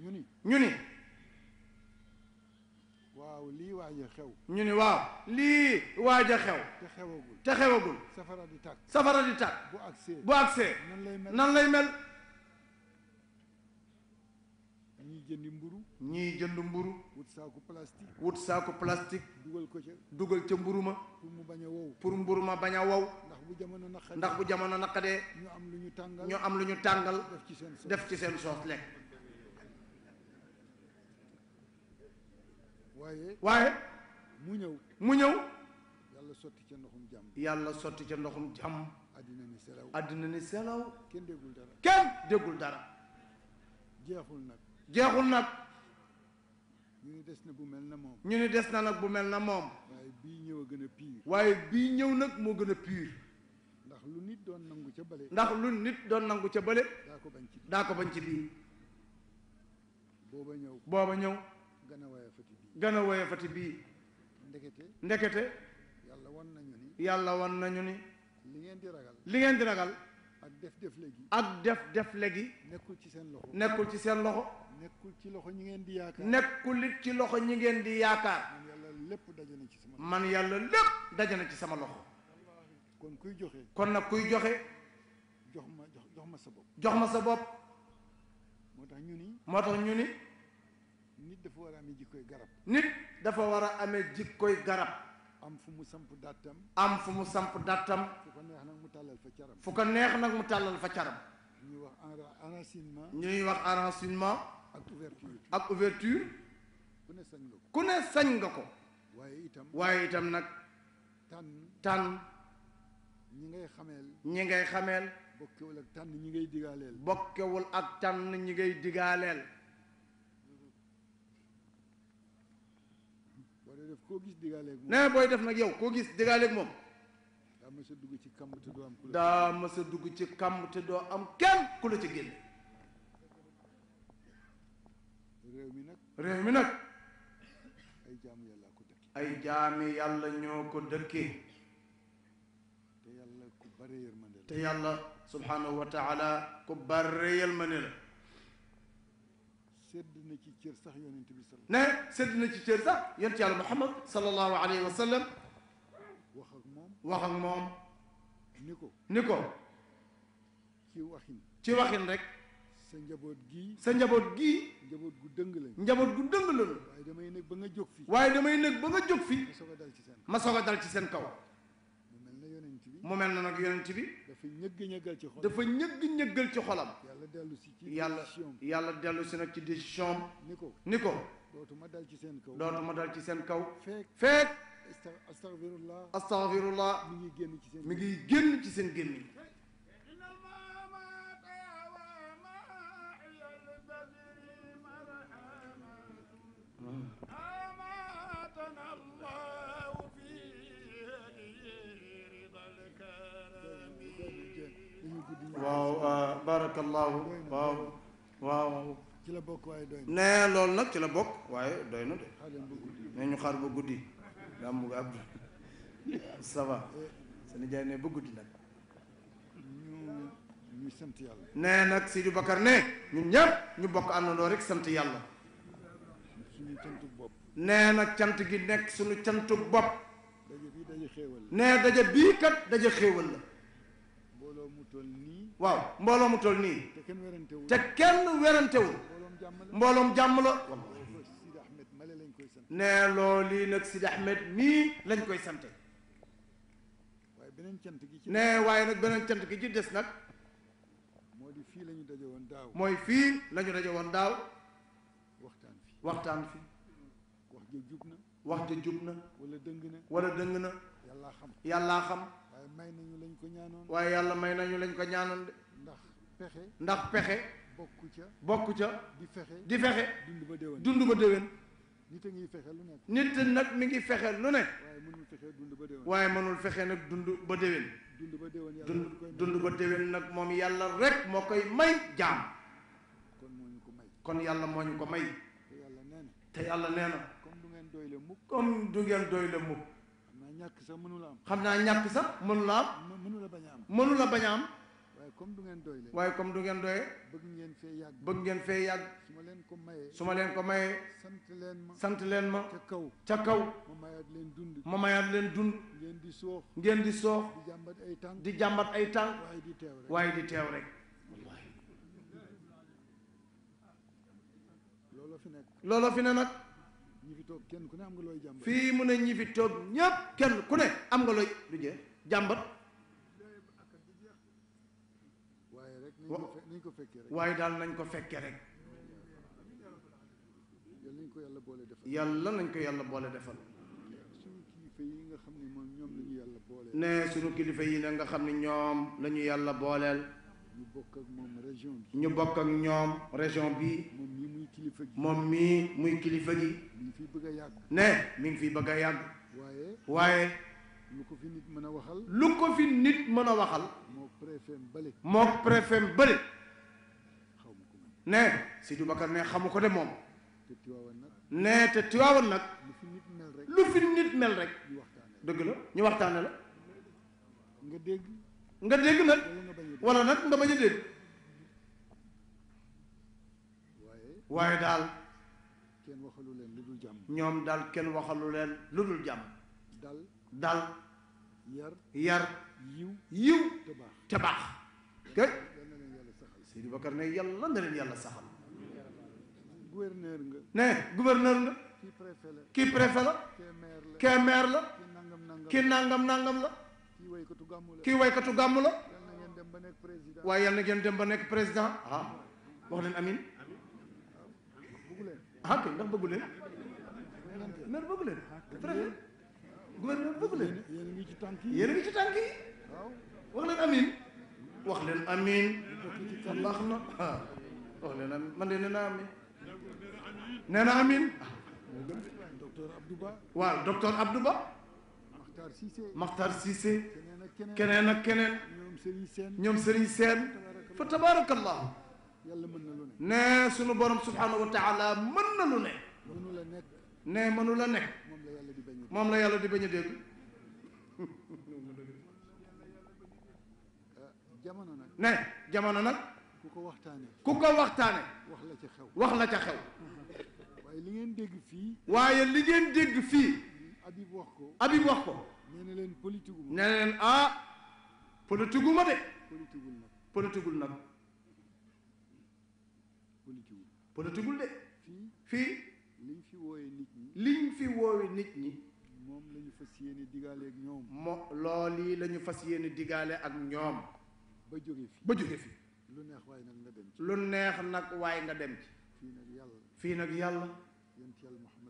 ñu ni ñu ni waaw lii waaj a xew ñu ni waaw lii waaja xew te xewagul xewagul safara di tàkk bu agsee bu agsee nan lay mel nan lay mel ñii jëndi mburu ñii jënd mburu wut saako plastique wut saako plastique dugal ko ca dugal ca mburu ma pour mu bañ a wow pour mburu ma bañ a wow ndax bu jamono naqadee ndax bu jamono naqadee ñu am lu ñu tàngal ñu am lu ñu tàngal def ci seen soos lekk waaye mu ñëw mu ñëw yàlla sotti ca ndoxum jàmm yàlla sotti ca ndoxum jàmm àddina ni selaw àddina ni selaw kenn déggul dara kenn déggul dara jeexul nag jeexul nag ñu ni des na bu mel na moom ñu des na nag bu mel na moom waaye bii ñëw a gën a piir waaye bii ñëw nag moo gën a piir ndax lu nit doon nangu ca bële ndax lu nit doon nangu ca bële daa ko bañ ci daa bañ ci bii booba ñëw booba ñëw gën a woyof gën a woyofati bii ndekete ndekete yàlla wan nañu ni yàlla wan nañu ni li ngeen di ragal li ngeen di ragal ak def def léegi ak def def léegi nekkul ci seen loxo nekkul ci seen loxo nekkul ci loxo ñi ngeen di yaakaar nekkul it ci loxo ñi ngeen di yaakaar man yàlla lépp daje ci sama man yàlla lépp daje ci sama loxo kon kuy joxe kon nag kuy joxe jox ma jox ma sa bopp jox ma sa bopp moo tax ñu moo tax ñu nit dafa war a amee jikkoy garab. nit dafa war a amee koy garab. am fu mu samp dàttam. am fu mu samp dàttam. fu ko neex nag mu tàllal fa caram. fu neex nag mu tàllal fa caram. ñuy wax enracinement. ñuy wax enracinement. ak ouverture ak ouverture. ku ne sañ nga ko ku ne sañ nga ko. waaye itam waaye itam nag. tànn tànn. ñi ngay xameel. ñi ngay xameel. bokkewul ak tànn ñi ngay digaaleel. bokkewul ak tànn ñi ngay digaaleel. nee booy def nag yow koo gis digaaleeg moom. dugg ci kàmm te doo am daa mës dugg ci kàmm te kenn ku ci génn. réew mi nag. réew mi nag. ay jaami yàlla ko dëkkee. ay jaami yàlla ko dëkkee. te yàlla ku te yàlla subhaanahu wa taala ku bare yërmande la. na ci cër sax yonent bi sal ne sedd na ci cër sax yonent yàlla muhammad sallallahu alayhi wa sallam wax moom wax ak moom ni ko ni ko ci waxin ci waxin rek sa njaboot gii sa njaboot gii njaboot gu dëng lañ njaboot gu dëng lañ waaye damay nag ba nga jóg waaye damay nag ba nga jóg fi ma soog ci seen ma soog a dal ci seen kaw mu mel na yonent bi mu mel na nag yonent bi dafa ñëgg ñëggal ci xolam dafa dellusi ci xolam. yàlla dellu yàlla yàlla dellu nag ci décision am. ni ko ni ko. dootuma dal ci seen kaw dootuma dal ci seen kaw. feek feek. astaghfirullah astaghfirullah. mi ngi génn ci seen mi ngi génn ci seen gémmiñ. Ah. barakallahu waaw waaw nee loolu nag ci la bokk waaye doy na de ne ñu xaar ba guddi daa mu ab ça va sa nijaay ne ba guddi nag nee nag Sidi Bakar ne ñun ñëpp ñu bokk àndandoo rek sant yàlla nee nag cant gi nekk suñu cantu bopp nee daje bii kat daje xéewal la waaw mbooloo mu toll nii te kenn werantewul mbooloom jàmm la ne loolu lii nag Sidi Ahmed mii lañ koy sante ne waaye nag beneen cant gi ci des nag mooy fii la ñu daje woon daaw mooy fii la ñu daje woon daaw waxtaan fi waxtaan fi wax ja jub na wax ja jub na wala dëng na wala dëng na yàllaa xam yàllaa xam may nañu lañ ko ñaanoon waaye yàlla may nañu lañ ko ñaanoon de ndax pexe ndax pexe bokk ca bokk ca di fexe di fexe dund ba déwén dund ba déwén nit a ngi fexe lu nekk nit nag mi ngi fexe lu nekk waaye mënul fexe dund ba déwén waaye mënul fexe nag dund ba déwén dund ba déwén dund dund ba déwén nag moom yàlla rek moo koy may jaam kon moo ñu ko may kon yàlla moo ñu ko may te yàlla nee na te yàlla nee na comme du ngeen doy la mukk comme du ngeen doy la mukk ñàkk sax mënu la am. xam naa ñàkk sax mënu la am. mënu la bañ am. mënu la bañ am. waaye comme du ngeen doyle. waaye comme du ngeen doye. bëgg ngeen fee yàgg. bëgg ngeen fee yàgg. su ma leen ko mayee. su leen ko mayee. sant leen ma. sant leen ma. ca kaw ca kaw. ma mayaat leen dund. ma mayaat leen dund. ngeen di soox. ngeen di soox. di jàmbat ay tànk. ay tànk. waaye di teew rek looloo fi ne nag. toog kenn ku ne am nga looy jàmbat fii mu a ñi fi toog ñépp kenn ku ne am nga looy du jeex jàmbat waaye rek nañ ko fekkee rek waaye daal nañ ko fekkee rek yàlla nañ ko yàlla boole defal yàlla nañ ko yàlla boole defal ne suñu kilifa yi na nga xam ne ñoom la yàlla booleel ñu bokk ak ñoom région bi kilifa gi moom mii muy kilifa gi. mi ngi bëgg a yàgg. ne mi ngi fiy bëgg a yàgg. waaye. waaye. lu ko fi nit mën a waxal. lu ko fi nit mën a waxal. moo préfet bële. moo préfet bële. ne Sidou Bakar ne xamu ko de moom. ne te Tiwaawan nag. lu fi nit mel rek. dëgg la ñu waxtaane la. nga dégg. nag. wala nag nga bañ a dégg. waaye daal kenn waxalu leen lu jàmm ñoom daal kenn waxalu leen lu dul jàmm dal dal yar yar yiw yiw te baax te si kay Seydi Bakar ne yàlla na leen yàlla saxal gouverneur nga ne gouverneur nga kii préfet la kee maire la kii nangam nangam la kii waykatu gàmm la waaye yal na ngeen dem ba nekk président ah, wax leen amin ah kay ndax bëggu leen maire bëggu leen préfet a ngi ci tànk yi yéen a ngi ci tànk yi wax leen amin wax leen amin baax na ah wax leen amin man de nee naa amin nee na amin docteur Abdou Ba waaw docteur Abdou Ba keneen ak keneen ñoom Serigne ñoom Serigne Sène fa tabarakallah ne sunu borom subhaanahu wa taala mën na lu ne ne mënu la ne moom la yàlla di bañ a dégg ne jamono nag ku ko waxtaane ku ko waxtaane wax la ca xew wax la ca xew waaye li ngeen dégg fii waaye li ngeen dégg fii Habib wax ko Habib wax ko nee na leen politique nee na leen ah politique ma de politique nag politigul de. fii liñ fi woowe nit ñi. liñ fi woowe nit ñi. moom lañu ñu fas yéene digaale ak ñoom. mo loolu yi la ñu fas yéene ak ñoom. ba jóge fi ba jóge fi. lu neex waaye nag nga dem ci. lu neex nag waaye nga dem ci. fii nag yàlla. fii nag yàlla.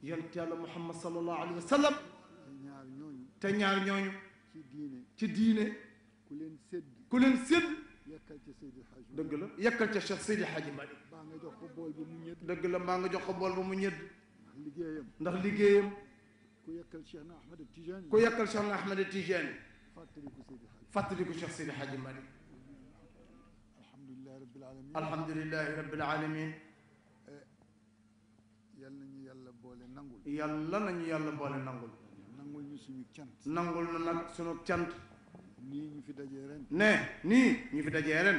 yonent yàlla Muhammad sallallahu alayhi wa sallam. te ñaar ñooñu. te ñaar ñooñu. ci diine ci diine. ku leen sédd. ku leen sédd. yàkkal ca Seydi Hadj Malick dëgg la yàkkal ca Seydi Hadj Malick maa nga jox ko bool bi mu ñëdd dëgg la maa nga jox ko bool ba mu ñëdd ndax liggéeyam ndax liggéeyam ku yekkal Cheikh na Ahmed Tijani ku yekkal Cheikh na Ahmed Tijani fàttaliku Seydi Hadj fàttaliku Cheikh Seydi Hadj Malick alhamdulilahi rabbil alamin alhamdulilahi rabbil alamin eh, yal nañu yàlla boole nangul yàlla nañu yàlla boole nangul nangul ñu suñu cant nangul na nag suñu cant nii ñu fi dajee ren ne nii ñu fi dajee ren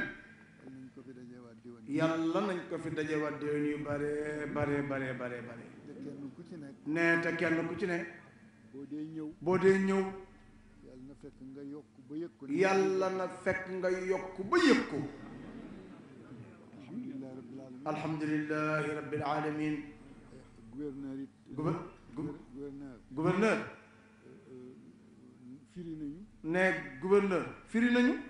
yàlla nañ ko fi dajewaat déwén yu bare bare bare bare bare nee te kenn ku ci ne boo dee ñëw boo dee ñëw yàlla na fekk nga yokk ba yëg ko yàlla na fekk nga yokk ba yëg ko alhamdulilahi rabbil alamin gouverneur it gouverneur firi nañu ne gouverneur firi nañu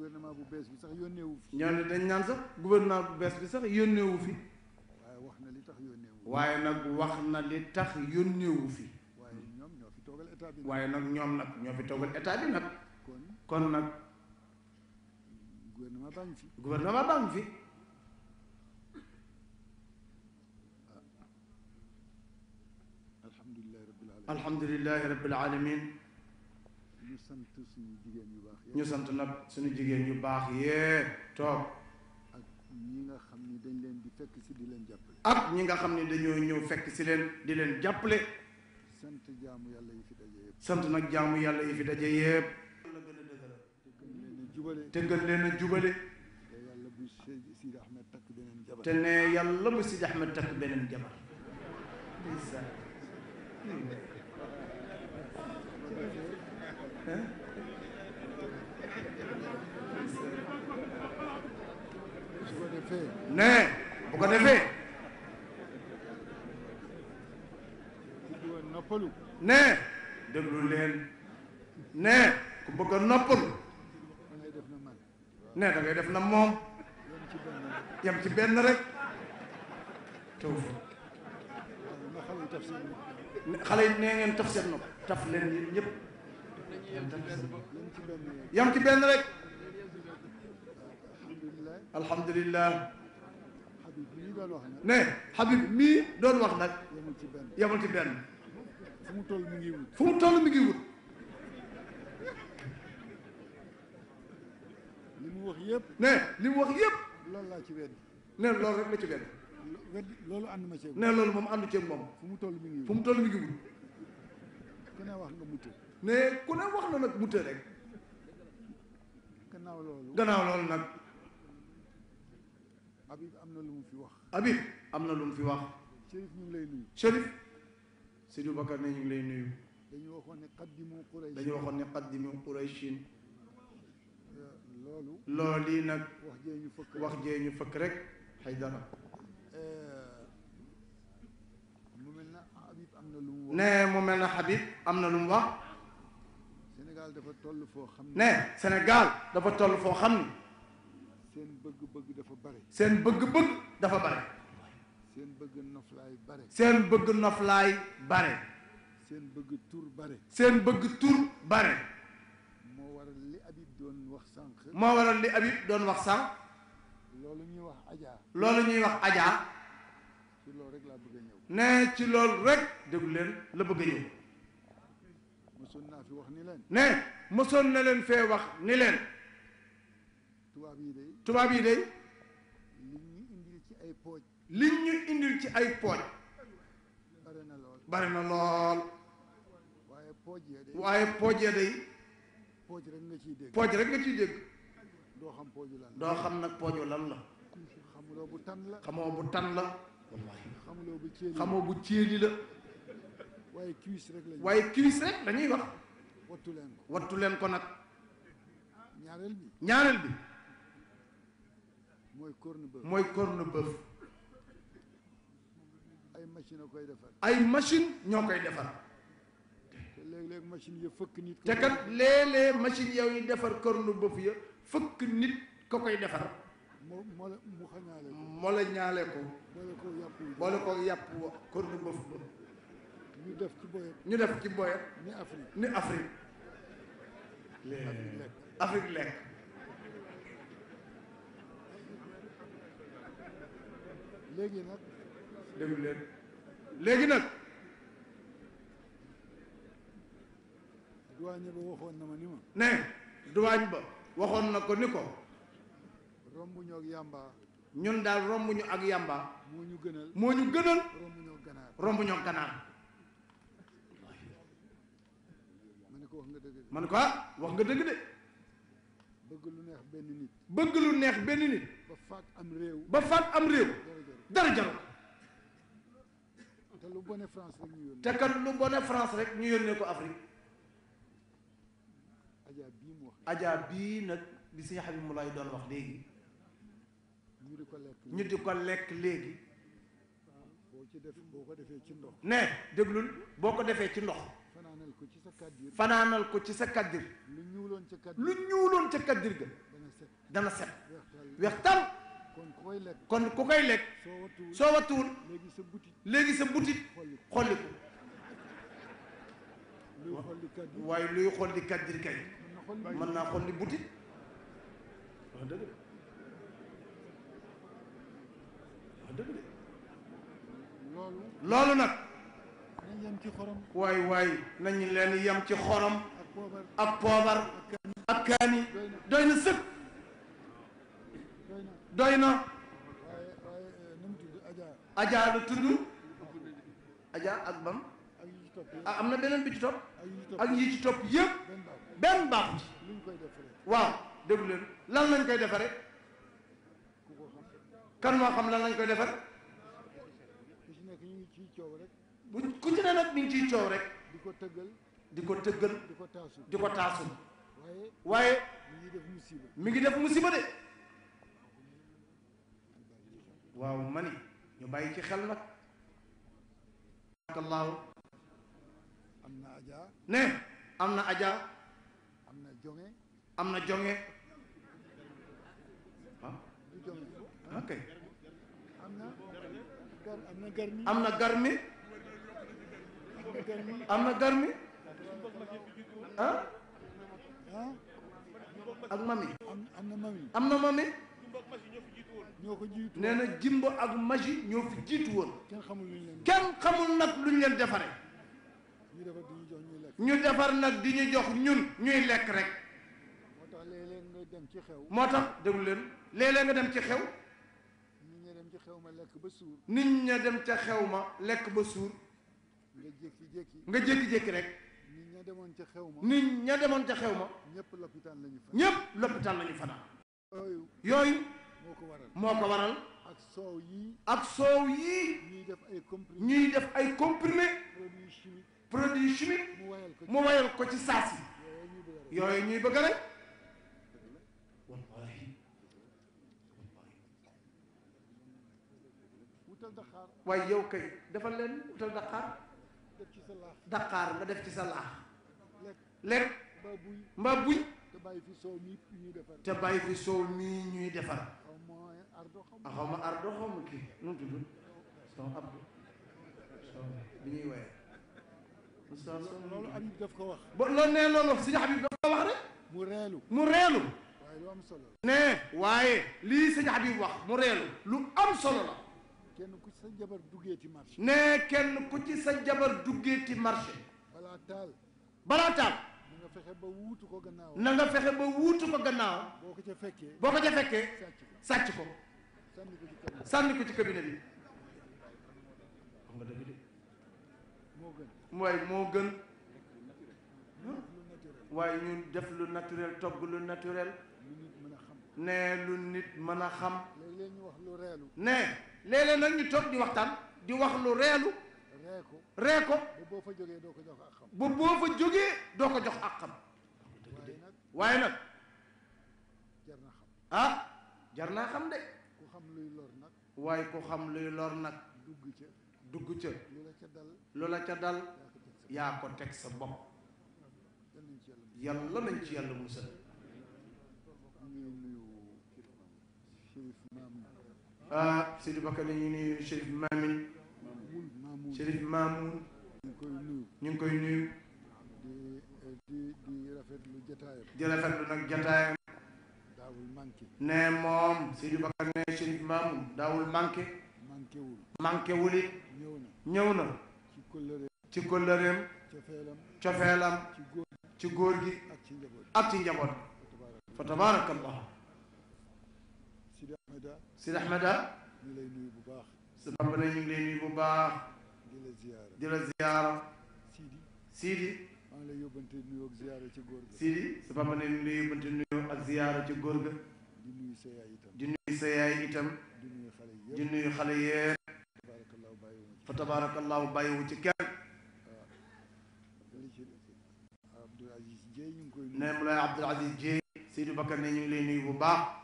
gouvernement bu bees bi sax yónneewu fi. ñoo ne dañ naan sax gouvernement bu bees bi sax yónneewu fi. waaye wax na li tax yónneewu fi. waaye nag wax na li tax yónneewu fi. waaye ñoom ñoo fi toogal bi. waaye nag ñoom nag ñoo fi toogal état bi nag. kon kon nag. gouvernement baa ngi fi. gouvernement baa ngi fi. Ah. alhamdulilah rabbil alamin. sant suñu jigéen yu baax ñu sant nag suñu jigéen yu baax yee toog ak ñi nga xam ni dañ leen di fekk si di leen jàppale ak ñi nga xam ne dañoo ñëw fekk si leen di leen jàppale sant jaamu yàlla yi fi daje sant nag jaamu yàlla yi fi daje yëpp te gën leen a jubale te ne yàlla bu Sidi Ahmed takk beneen jabar ne bu ko defee ne déglu leen ne ku bëgg a noppalu ne da def na moom yam ci benn rek tuuf xale yi nee ngeen taf seen nopp taf leen yéen ñëpp yam ci benn rek alhamdulilah ne Habib mi doon wax nag yamul ci benn fu mu toll mi ngi wut fu mu toll mi ngi wut li mu wax yëpp ne li yëpp loolu laa ci wedd loolu rek la ci wedd loolu ànd ma ci ne loolu moom ànd ceeg moom fu mu toll mi ngi wut fu mu toll mi ngi wut wax nga mucc ne ku ne wax na nag mu rek gannaaw loolu gannaaw loolu nag Habib am na lu mu fi wax Habib am na lu mu fi wax Chérif ñu ngi lay nuyu Chérif Seydou Bakar ne ñu ngi lay nuyu dañu waxoon ne qaddimu Quraysh dañu waxoon ne qaddimu Quraysh loolu loolu yi nag wax jee ñu fëkk wax jee ñu rek xëy dara eh, mel na Habib am na lu mu wax mel na Habib am na lu mu wax ne Sénégal dafa toll foo xam ni seen bëgg-bëgg dafa bari seen bëgg-bëgg dafa bari seen bëgg noflaay bare seen bëgg noflaay bare seen bëgg tur bare seen bëgg tur bare moo waral li Habib doon wax sànq moo waral li Habib doon wax sànq loolu ñuy wax ajaa loolu ñuy wax ajaa ci loolu rek laa bëgg a ñëw ne ci loolu rek déglu leen la bëgg a ñëw ne mësoon na leen fee wax ni leen tubaab yi day tubaab yi day liñ ñu indil ci ay pooj bare na lool bare na lool waaye pooj ya day waaye pooj ya day pooj rek nga ciy dégg pooj rek nga ciy dégg doo xam pooju lan doo xam nag pooju lan la xamuloo bu tan la xamoo bu tan la wallahi xamuloo bu céeli xamoo bu la waaye cuisse rek la waaye cuisse rek wax wattu leen ko wattu ko nag. ñaareel bi ñaareel bi. mooy corne-beef mooy corne ay machine koy defar. ay machine ñoo koy defar. te léeg-léeg machine ya fëkk nit. te yow yi defar corne-beef ya fëkk nit ko koy defar. moo moo la mu xañaale ko. moo la ñaale ko. boole ko yàpp boole ko yàpp ba. ñu def ci boyet. ñu def ci boyet. ni Afrique ni Afrique. léegi Afrique lekk. léegi nag. léegi nag. duwaañ ba waxoon na ma ni ma. ne duwaañ ba. waxoon na ko ni ko. romb ñu ak yàmba. ñun daal romb ñu ak yàmba. moo ñu gënal moo ñu gënal. romb ñoo ganaar romb ñoo ganaar. wax nga dëgg de. man ko ah, wax nga dëgg de. bëgg lu neex benn nit. bëgg lu neex benn nit. ba faat am réew. ba faat am réew. dara jaru te lu bone France rek ñu yónnee. te rek ñu yónnee ko Afrique. Ajaa bii mu wax. Ajaa bii nag bi si Habib Moulay doon wax léegi. ñu di ko lekk ñu di lekk léegi. boo ci def boo ko defee ci ndox. ne déglul boo ko defee ci ndox. fanaanal ko ci sa kaddir lu ñuuloon ca kaddir lu ñuuloon ca kaddir ga dana set wextal kon ku koy lekk soo wattuwul léegi sa butit xolli ko waaye luy xolli kaddir kay mën naa xolli butit wax dëgg de wax dëgg loolu nag waay waay nañu leen yem ci xorom ak poobar ak kaani doy na sëkk doy na Ajaa la tudd Ajaa ak bam ah am na beneen bi ci topp ak yi ci topp yëpp benn baaxu waaw déglu leen lan lañ koy defaree kan moo xam lan lañ koy defaree. bu ku ci ne nag mi ngi ciy coow rek di ko tëggal di ko tëggal di ko taasul di ko waaye mi ngi def musiba mi ngi def musiba de waaw ma ni ñu bàyyi ci xel nag allahu am na aja ne am na aja am na jonge am na jonge ah am na garmi am na garmi am na garmi ah ak mami am na mami am na mami ñoo ko jiitu nee jimbo ak maji ñoo fi jiitu woon kenn xamul luñ leen kenn xamul nag leen defare ñu defar di ñu jox ñuy lekk ñu nag di ñu jox ñun ñuy lekk rek moo tax léeg-léeg nga dem ci xew moo tax déglu leen léeg-léeg nga dem ci xew nit ña xew ma lekk ba suur nit ña dem ca xew ma lekk ba suur nga jékki-jékki nga jékki-jékki rek nit ña demoon ca xew ma nit ña demoon ca xew ma ñëpp lopitaan lañu fanaan ñëpp lopitaan lañu fanaan yooyu moo ko waral moo ko ak soow yii ak soow yii ñuy def ay comprimé ñuy def ay mu wayal ko ci saas yi yooyu ñuy bëgg rek wallahi wallahi waaye yow kay defal leen wutal daqaar daqaar nga def ci sa laax lekk mbaa buy te bàyyi fi soow mii ñuy defar te bàyyi ñuy defar xaw ma ardo xaw ma kii nu mu tudd bi ñuy woyee loolu am na daf ko wax loolu nee loolu sëñ Habib daf ko wax rek mu reelu mu reelu ne waaye lii sëñ Habib wax mu reelu lu am solo la kenn ku ci sa jabar duggee ci marché. nee kenn ku ci sa jabar duggee ti marché. balaa taal. balaa taal. na nga fexe ba wuutu ko gannaaw. na nga fexe ba wuutu ko gannaaw. boo ko ca fekkee. boo ko ca fekkee sàcc ko. sànni ko ci cabinet bi. xam nga dëgg de. moo gën. waaye moo gën. waaye ñun def lu naturel togg lu naturel. ne lu nit mën a xam. léeg-léeg ñu wax lu reelu. ne léeg-léeg nag ñu toog di waxtaan di wax lu reelu. ree ko ree bu boo fa jógee doo ko jox ak xam. boo fa jógee doo ko jox ak xam. waaye nag. jar naa xam. ah jar naa xam de. ku xam luy nag. waaye ku xam luy lor nag. dugg ca dugg ca. lu la ca dal lu la ca dal. yaa ko teg sa bopp. yàlla nañ ci yàlla musal. ah Sidi Bakar ñu nuyu Chérif Mamin Chérif Mamoun ñu ngi koy nuyu di di rafetlu jataayam di rafetlu nag jataayam daawul manqué ne moom Sidi Bakar ne Chérif Mamoun daawul manqué manqué wul manqué na ñëw na ci kóllëreem ci cofeelam ci góor ci góor gi ak ci njaboot ak ci njaboot Sidi Ahmada Sidi Ahmada ñu lay nuyu bu baax sa bamba ne ñu ngi lay nuyu bu baax di la ziyaara di la ziyaara Sidi Sidi maa ngi lay yóbbante nuyoo ak ziyaara ci góor ga Sidi sa bamba ne ñu ngi lay yóbbante nuyoo ak ziyaara ci góor ga di nuyu sa yaay itam di nuyu sa yaay itam di nuyu xale yéen di nuyu xale yéen tabaarakallaahu bàyyiwu fa tabaarakallaahu bàyyiwu ci kenn ah, Abdoul Aziz Dieye ñu ngi koy nuyu ne mu lay Abdoul Aziz Dieye Seydou Bakar ne ñu ngi lay nuyu bu baax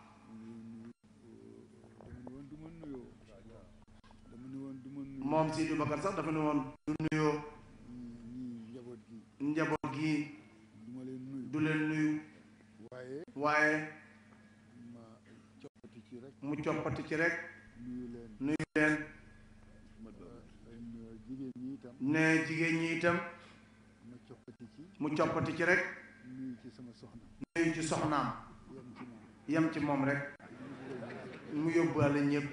moom Sidi Bakar sax dafa ne woon du nuyoo njaboot gi du leen nuyu waaye mu coppati ci rek nuyu leen ne jigéen ñi itam mu coppati ci rek nuyu ci soxnaam yem ci moom rek mu yóbbaale ñëpp.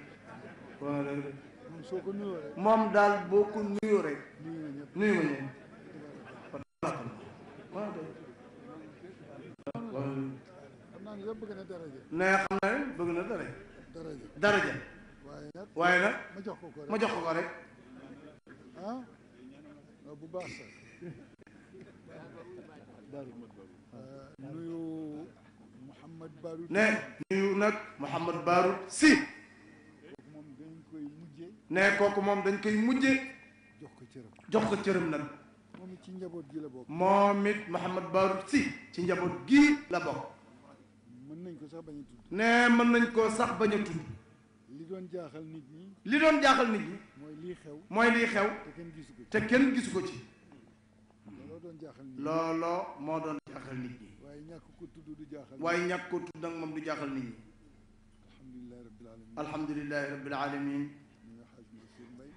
moom daal boo ko nuyoo rek nuyu nga ñëpp ne xam na ne bëgg na dara daraja waaye nag ma jox ko ko rek ah? Ah, bu baax sax ah, nuyu Mouhamad Baru ne nuyu nag Mouhamad Baru si ne kooku moom dañ koy mujje jox ko cëram jox ko cëram nag moom it ci njaboot gi la bokk moom it Mouhamed Baroud Sy ci njaboot gii la bokk mën nañ ko sax bañ a tudd ne mën nañ koo sax bañ a tudd li doon jaaxal nit ñi li doon jaaxal nit ñi mooy lii xew mooy lii xew te kenn gisu ko te kenn gisu ko ci looloo doon jaaxal nit ñi looloo moo doon jaaxal nit ñi waaye ñàkk ko tudd du jaaxal waaye ñàkk ko moom du jaaxal nit ñi alhamdulilahi rabbil alamin alhamdulilahi rabbil alamin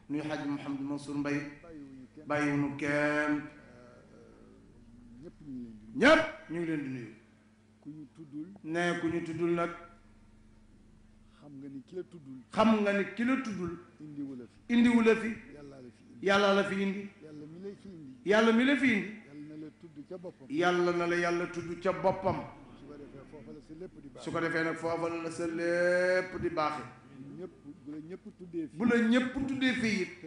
nuy xaaj Mouhamadou Mansour Mbaye bàyyiwunu kenn ñépp ñu ngi leen di nuyu ku ñu tuddul ne ku ñu tuddul nag xam nga ni ki la tuddul xam nga ni ki la tuddul indiwu la fi indiwu la fi yàlla la fi indi yàlla mi la fi indi yàlla mi la fi indi yàlla na la yàlla tudd ca boppam su ko defee nag foofa la sa lépp di baaxe bu la ñëpp tuddee fii bu la ñëpp tuddee fii it.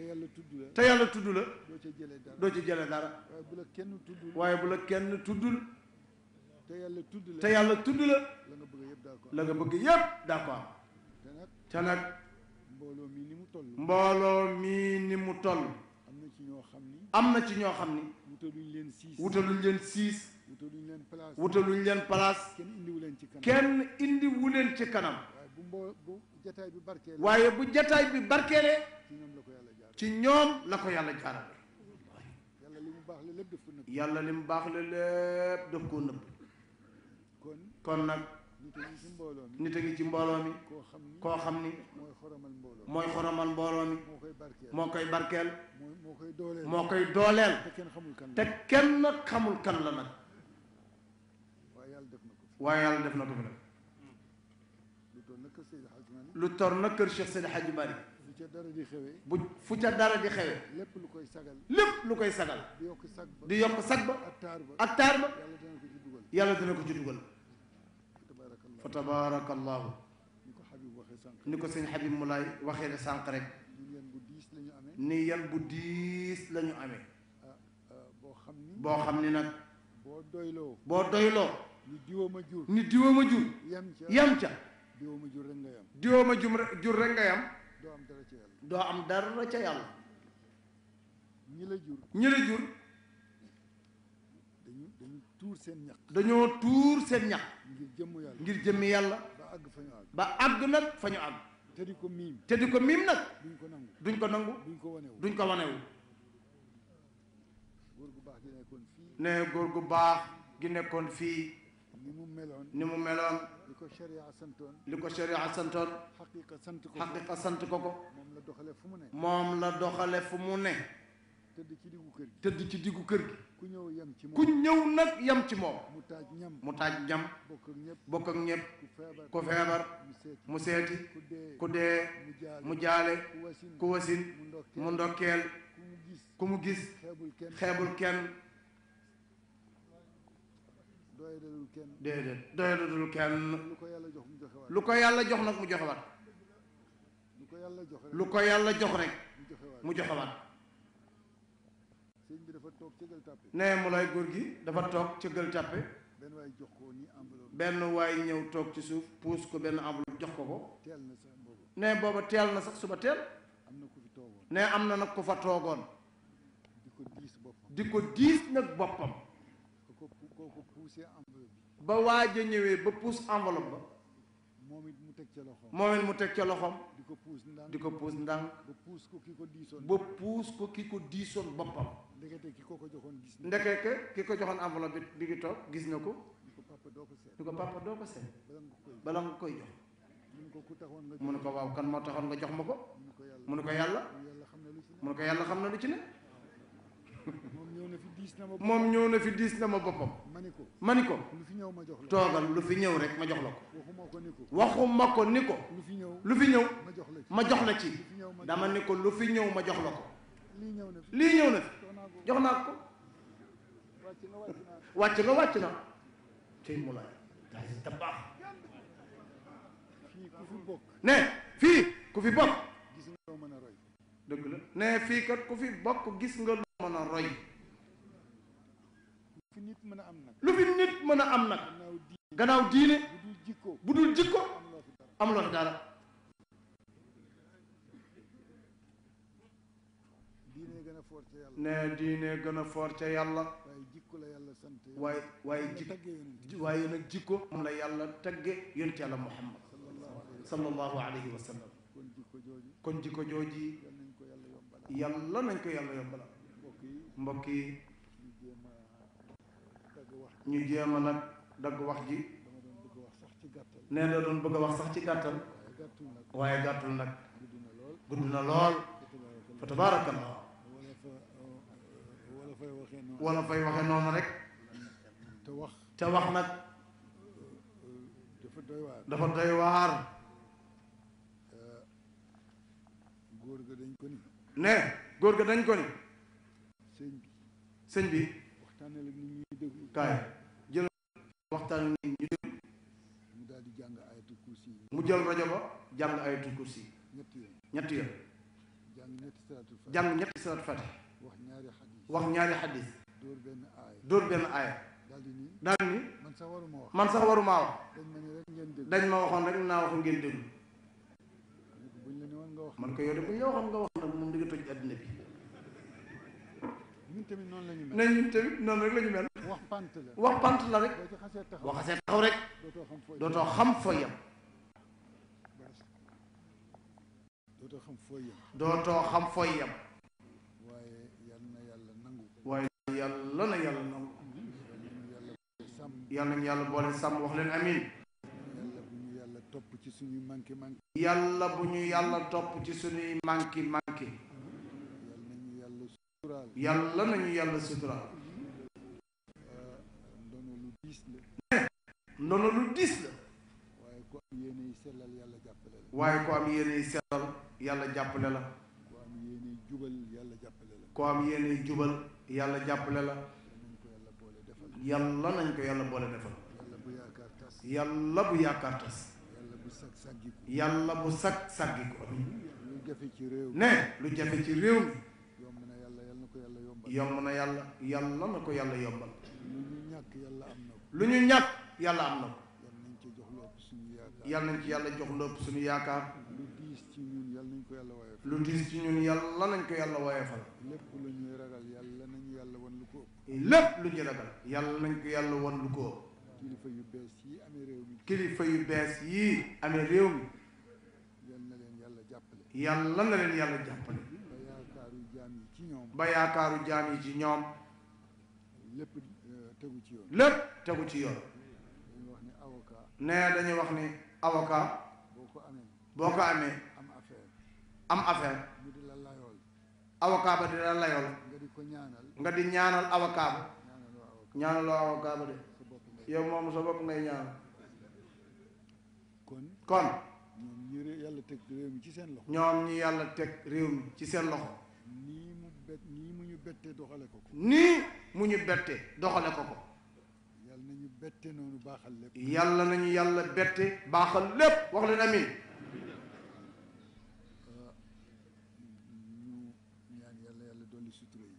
te yàlla tudd la yàlla tudd la. doo ca jëlee dara doo ca dara. waaye bu la kenn waaye bu kenn tuddul. yàlla tudd la te yàlla tudd la. la nga bëgg yëpp d'accord la nga bëgg yëpp d'accord. te nag te mbooloo mii ni mu toll. mbooloo mii ni mu toll. am na ci ñoo xam ni. am na ci ñoo xam ni. wutaluñ leen siis wutaluñ leen siis. wutaluñ leen place wutaluñ leen place. kenn indiwu leen ci kanam kenn leen ci kanam. waaye bu mbooloo jataay bi barkeele waaye bu jataay bi barkeele ci ñoom la ko yàlla jaarale yàlla li mu baax la lépp daf ko nëbb yàlla li mu baax la lépp daf koo nëbb kon kon nag nit a ngi ci mbooloo mi koo xam ni mooy xoromal mbooloo mi moo koy barkeel moo koy dooleel te kenn xamul kan la nag waaye yàlla def na ko fi nag lu tor na kër Cheikh Seydi Hadji Malick bu ca dara di xewee. bu fu ca dara di xewee. lépp lu koy sagal. lépp lu koy sagal. di yokk sag ba di yokk sag ba. ak taar ba ak taar ba. yàlla dina ko ci dugal. fa tabaarakallahu ni ko sëñ mu Moulay waxee ne sànq rek. ni yan bu diis la ñu amee. Ah, ah, boo xam ni boo xam ni nag. boo doyloo boo doyloo. ni diwa ma jur ni diwa ma jur. yam ca yam ca. diwoo ma jur rek nga yam diwoo jur rek nga am dara ca doo am dara ca yàlla ñi la jur ñi la jur dañu tuur seen ñax dañoo tuur seen ñax ngir jëmm yàlla ngir jëmmi yàlla ba àgg fa ñu àgg nag fa ñu àgg te di ko miim te di ko miim nag duñ ko nangu duñ ko nangu duñ ko wanewu duñ ko wanewu fii ne góor gu baax gi nekkoon fii ni mu meloon ni mu meloon ko sharia santoon. li ko sharia santoon. xaqiqa sant ko ko xaqiqa sant ko ko. moom la doxale fu mu ne. moom la doxale fu mu ne. tëdd ci diggu kër gi. ci diggu kër ku ñëw yem ci moom ku ñëw nag yem ci moom. mu taaj ñam mu taaj ñam. bokk ak ñëpp bokk ku feebar mu seeti. ku dee mu jaale. ku wasin mu ndokkeel ku mu gis. xeebul kenn. doyadalul kenn déedéet doyadalul kenn lu ko yàlla jox mu joxewaat lu ko yàlla jox nag mu joxewaat lu ko yàlla jox rek lu ko yàlla jox rek mu joxewaat sëñ bi dafa toog ca gël tàppe nee mu lay góor gi dafa toog ca gël tàppe benn waay jox ko ni enveloppe benn waay ñëw toog ci suuf puus ko benn enveloppe jox ko ko teel na sax boobu nee booba teel na sax suba teel am na ku fi toogoon nee am na nag ku fa toogoon di ko diis boppam di ko diis nag boppam poussé enveloppe bi. ba waa a ñëwee ba pousse enveloppe ba. moom it mu teg ca loxoom. moom it mu teg ca loxoom. di ko pousse ndànk di ko pousse ndànk. ba pousse ko ki ko diisoon. ba pousse ko ki ko diisoon boppam. ndekete ki ko ko joxoon gis. ndekete ki ko joxoon enveloppe bi bi gis na ko. di ko papa doo ko seet. di ko papa doo ko seet. bala nga koy jox. mu ne ko waaw moo taxoon nga jox ma ko. mu ne ko yàlla. mu ne ko yàlla xam na lu ci ne. moom ñëw na fi diis na ma moom na fi diis ma boppam. mani ko mani ko. lu fi ñëw ma jox la toogal lu fi ñëw rek ma jox la ko. waxuma ko ni ko. waxuma ko ni ko. lu fi ñëw lu fi ñëw. ma jox la ci dama ni ko lu fi ñëw ma jox la ko. lii ñëw na fi lii ñëw na fi jox naa ko. wàcc nga wàcc na tey mu laaj daa si tabax ne fii ku fi bokk ne fii kat ku fi bokk gis nga mën roy nit mën a am nag lu fi nit mën a am nag gannaaw diine bu dul jikko am dara ne diine gën a foor ca yàlla waaye waaye ji waaye nag jikko am la yàlla tagge yonent yàlla muhammad sallallahu alayhi wa sallam kon jikko jooji yàlla nañ ko yàlla yombalal mbokk yi ñu jéem a nag dagg wax ji nee na doon bëgg wax sax ci gàttal waaye gàttul nag gudd na lool fa tabaarakallah wala fay waxe noonu rek te wax te wax nag dafa doy waar ne góor ga dañ ko ni sëñ bi kaay jël waxtaan ni ñu déglu mu daal di jàng ayatul kursi mu jël rajo ba jàng ayatul kursi ñetti yoon ñetti yoon jàng ñetti salaatu fati wax ñaari xadis wax ñaari xadis dóor benn aaya dóor benn aaya daal ni man sax waruma wax man sax waruma wax dañ ma waxoon rek naa wax ngeen déglu man ko yow de bu ñu la waxoon nga wax nag moom di nga toj addina bi ñun tamit noonu la ñu mel. ne ñun tamit noonu rek la ñu mel. wax pant la wax pant la rek. boo xasee taxaw rek. dootoo xam fooy yem. dootoo xam fooy yem. dootoo xam fooy yem. waaye yal na yàlla nangu. waaye yàlla nangu. yàlla na yàlla boole sàmm wax leen amiin. yàlla bu ñu yàlla topp ci suñuy manqué manqué. suturaal na nañu yàlla suturaal eh, ndono lu diis la ndono lu diis la waaye ko am yéeney sellal yàlla jàppale la waaye am yéeney yàlla jàppale la ku jubal yàlla jàppale la ku am yéeney jubal yàlla jàppale la yàlla ko yàlla boole defal yàlla bu yaakaar tas yàlla bu sag sàggi ko ne lu jafe ci réew mi yomb na yàlla yàlla na ko yàlla yombal lu ñu ñàkk yàlla am na ko yàlla nañ ci yàlla jox lu ëpp suñu yaakaar lu diis ci ñun yàlla nañ ko yàlla woyefal lépp lu ñuy ragal yàlla ñu yàlla wan lu ko ëpp lépp lu ñuy ragal yàlla nañ ko yàlla wan lu ko ëpp kilifa yu bees yi amee réew mi kilifa yu bees yii amee réew mi yàlla na leen yàlla jàppale yàlla na leen yàlla jàppale ba yaakaaru jaam yi ci ñoom lépp euh, tegu ci yoon lépp tegu ci yoon nee dañuy wax ni avocat boo ko amee am affaire avocat ba di la layool nga di ñaanal avocat ba ñaanaloo avocat ba de yow moom sa bopp ngay ñaanal kon kon ñoom ñi yàlla teg réew mi ci seen loxo ñoom ñi yàlla teg réew mi ci seen loxo nii mu ñu bettee doxale ko ko. nii mu ñu bettee doxale ko ko. yàlla na ñu bette noonu baaxal lépp. yàlla na ñu yàlla bette baaxal lépp wax leen amin.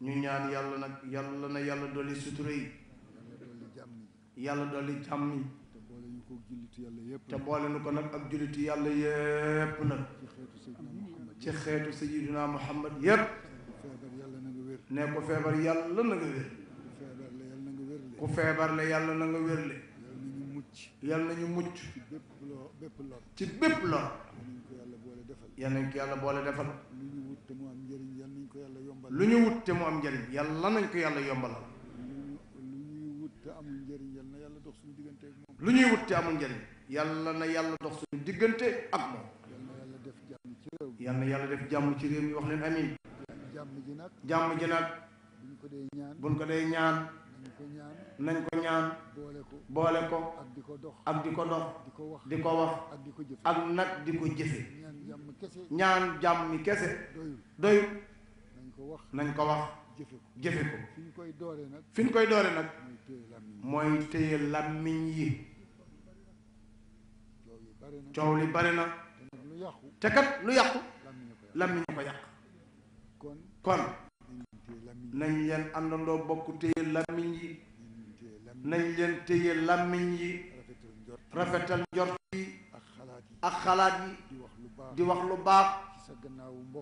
ñu ñaan yàlla nag yàlla na yàlla dolli sutura yi. yàlla dolli jàmm yi. te boole ñu ko jullitu yàlla yépp te boole ñu ko nag ak jullitu yàlla yépp nag. ci xeetu sayyidina Muhammad yépp. ne ku feebar yàlla na nga wér ku feebar la yàlla na nga wér le yàlla na ñu mucc ci bépp lor yàlla nañ ko yàlla boole defal lu ñu wut te mu am njëriñ yàlla nañ ko yàlla yombalal lu ñu wut te mu am njëriñ yàlla nañ ko yàlla yombalal lu ñuy wut te amul njëriñ yàlla na yàlla dox suñu diggante ak moom yàlla na yàlla def jàmm ci réew mi wax leen amin jàmm ji nag jàmm ji nag ko dee ñaan buñ ko dee ñaan nañ ko ñaan boole ko ak di ko dox di ko wax ak nag di ko jëfe ñaan jàmmi kese doyul nañ ko wax jëfe ko fi ñu koy doore nag mooy téye làmmiñ yi coow li bari na te kat lu yàqu làmmiñ ko yàq kon nañ leen àndandoo bokk téye làmmiñ yi nañ leen téye làmmiñ yi rafetal njort yi ak xalaat yi di wax lu baax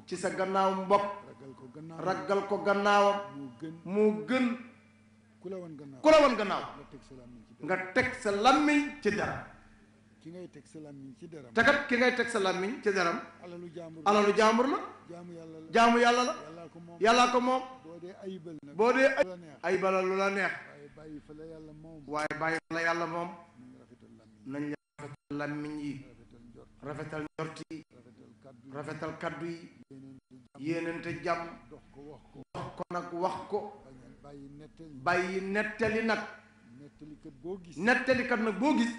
ci sa gannaaw mbokk ragal ko gannaawam moo gën ku la wan gannaaw nga teg sa làmmiñ ci dara ki ngay teg sa làmmiñ ci deram te kat ki ngay teg sa làmmiñ ci deram alalu jaambur la alalu jaambur la jaamu yàlla la yàlla la yàllaa ko moom boo dee ayibal nag boo dee ayibal lu la neex waaye bàyyi fa la yàlla moom waaye bàyyi fa la yàlla moom nañ rafetal làmmiñ yi rafetal njort yi rafetal kaddu yi yéenante jàmm dox ko wax ko dox nag wax ko bàyyi nettali nag nettalikat boo gis nettalikat nag boo gis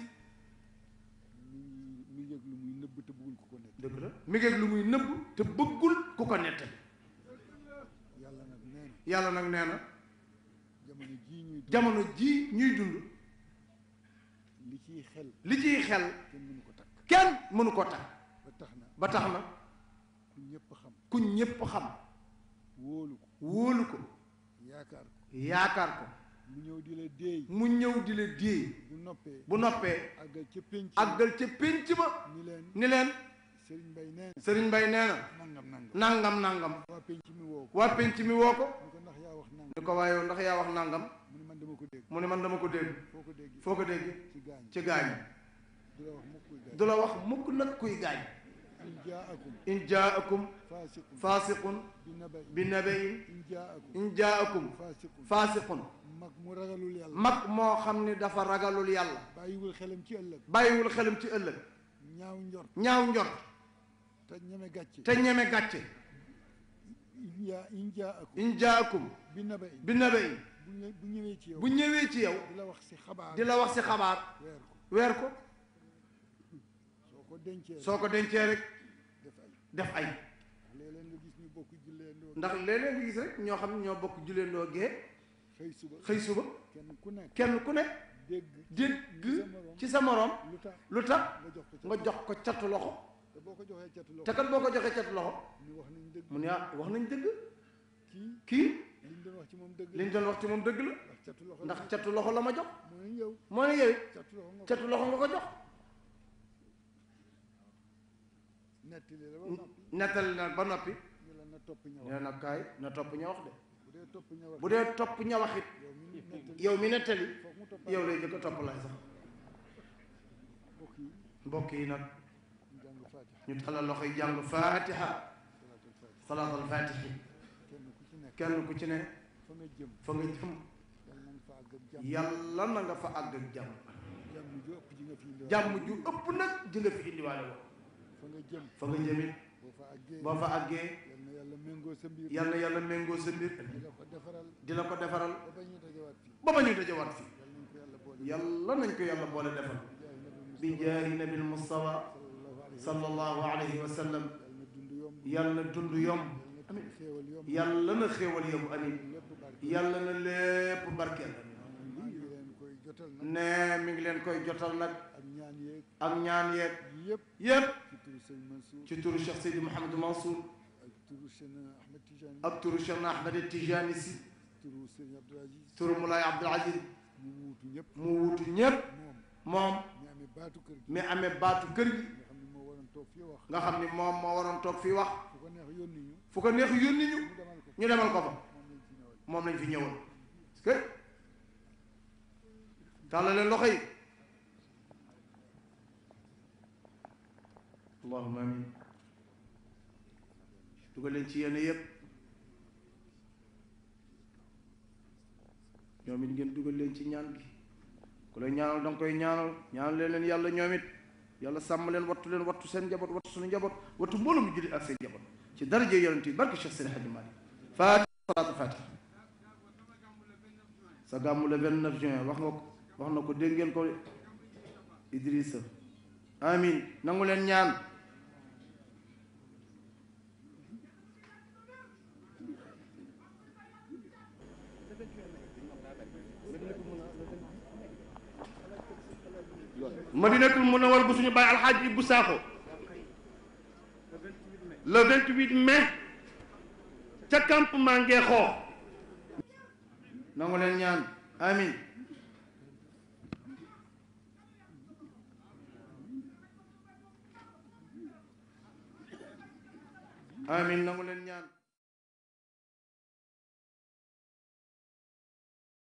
dëgg la mi ngi lu muy nëbb te bëggul ku ko nettali yàlla nag nee na yàlla nag nee na jamono jii ñuy dund jamono jii ñuy dund li ciy xel li ciy xel kenn mënu ko takk kenn mënu ko takk ba tax na ba tax na ku ñépp xam ku ñëpp xam wóolu ko wóolu ko yaakaar ko mu ñëw di la déey mu ñëw di la déey bu noppee bu noppee àggal ca pénc àggal ni leen sëriñ mbay nee na sëriñ mbay nee nangam nangam waa penc mi woo ko waa penc mi woo ko ni ko waaye ndax yaa wax nangam mu ne man dama ko dégg mu ne man dama ko dégg foo ko dégg ci gaañ du la wax mukk nag kuy gaañ in jaakum faasiqun bi nabain in jaakum faasiqun mag mu ragalul yàlla mag moo xam ni dafa ragalul yàlla bàyyiwul xelam ci ëllëg bàyyiwul xelam ci ëllëg ñaaw njort ñaaw njort te ñeme gàcce te ñeme gàcce in jaakum bi na bay bi na bay bu ñëwee ci yow bu ñëwee ci yow di la wax si xabaar di la wax si xabaar weer ko soo ko dencee soo ko dencee rek def ay ndax léeg-léeg nga gis rek ñoo xam ñoo bokk julleendoo gee xëy suba xëy suba kenn ku nekk kenn ku nekk dégg ci sa moroom lu tax nga jox ko catu loxo te boo ko joxee catu loxo kat boo ko joxee catu loxo. mu wax nañ dëgg mu ne ah wax nañ dëgg. kii kii. liñ doon wax ci moom dëgg la doon wax ci moom dëgg la. ndax catu loxo ndax catu loxo la ma jox. moo ne yow moo ne yow catu loxo nga ko jox. nettali la ba noppi nettali la ba noppi. ñu ne nag topp ña wax de ñu ne nag kaay na topp ña wax de. bu dee topp ña wax bu dee topp ña wax it. yow mi nettali yow lay jëkk topp laay sax. mbokk yi nag. ñu tàllal loxo yi jàng faatiha salaatul faatihi kenn ku ci ne fa nga jëm fa nga jëm yàlla na nga fa àgg ak jàmm jàmm ju ëpp nag ji nga fi indiwaale woon fa nga jëmit boo fa àggee yal na yàlla méngoo sa mbir di la ko defaral ba ba ñu dajawaat fii yàlla nañ ko yàlla boole defal bi jaari nabil mustafa sallallahu alayhi wa sallam yal na dund yomb yàlla na xéewal yomb amin yàlla na lépp barkeel ne mi ngi leen koy jotal nag ak ñaan yeeg yépp ci turu Cheikh Seydi Mouhamadou Mansour ak turu Cheikh Ahmed Tijani si turu Moulay Abdoul Aziz mu wuutu ñëpp moom mi amee baatu kër gi nga xam ni moom moo waroon toog fii wax fu ko neex yónni ñu ñu demal ko fa moom lañ fi ñëwoon que tàllal leen loxo yi allahumma amin dugal ci yenn yépp ñoomit it ngeen dugal leen ci ñaan gi ku lay ñaanal da koy ñaanal ñaanal leen leen yàlla ñoom it yàlla sàmm leen wattu leen wattu seen njaboot wattu suñu njaboot wattu mbooloo mu julli ak seen njaboot ci daraje yonent yi barke Cheikh Seydi Hadji Malick faatiha salaatul faatiha sa gàmmu le 29 juin wax nga ko wax na ko dégg ngeen ko Idrissa amin nangu leen ñaan madinatul munawwar bu suñu bàyyi alxaaj Ibbu Saaxo le 28 mais ca campement Ngeexoo nangu leen ñaan amin amin leen ñaan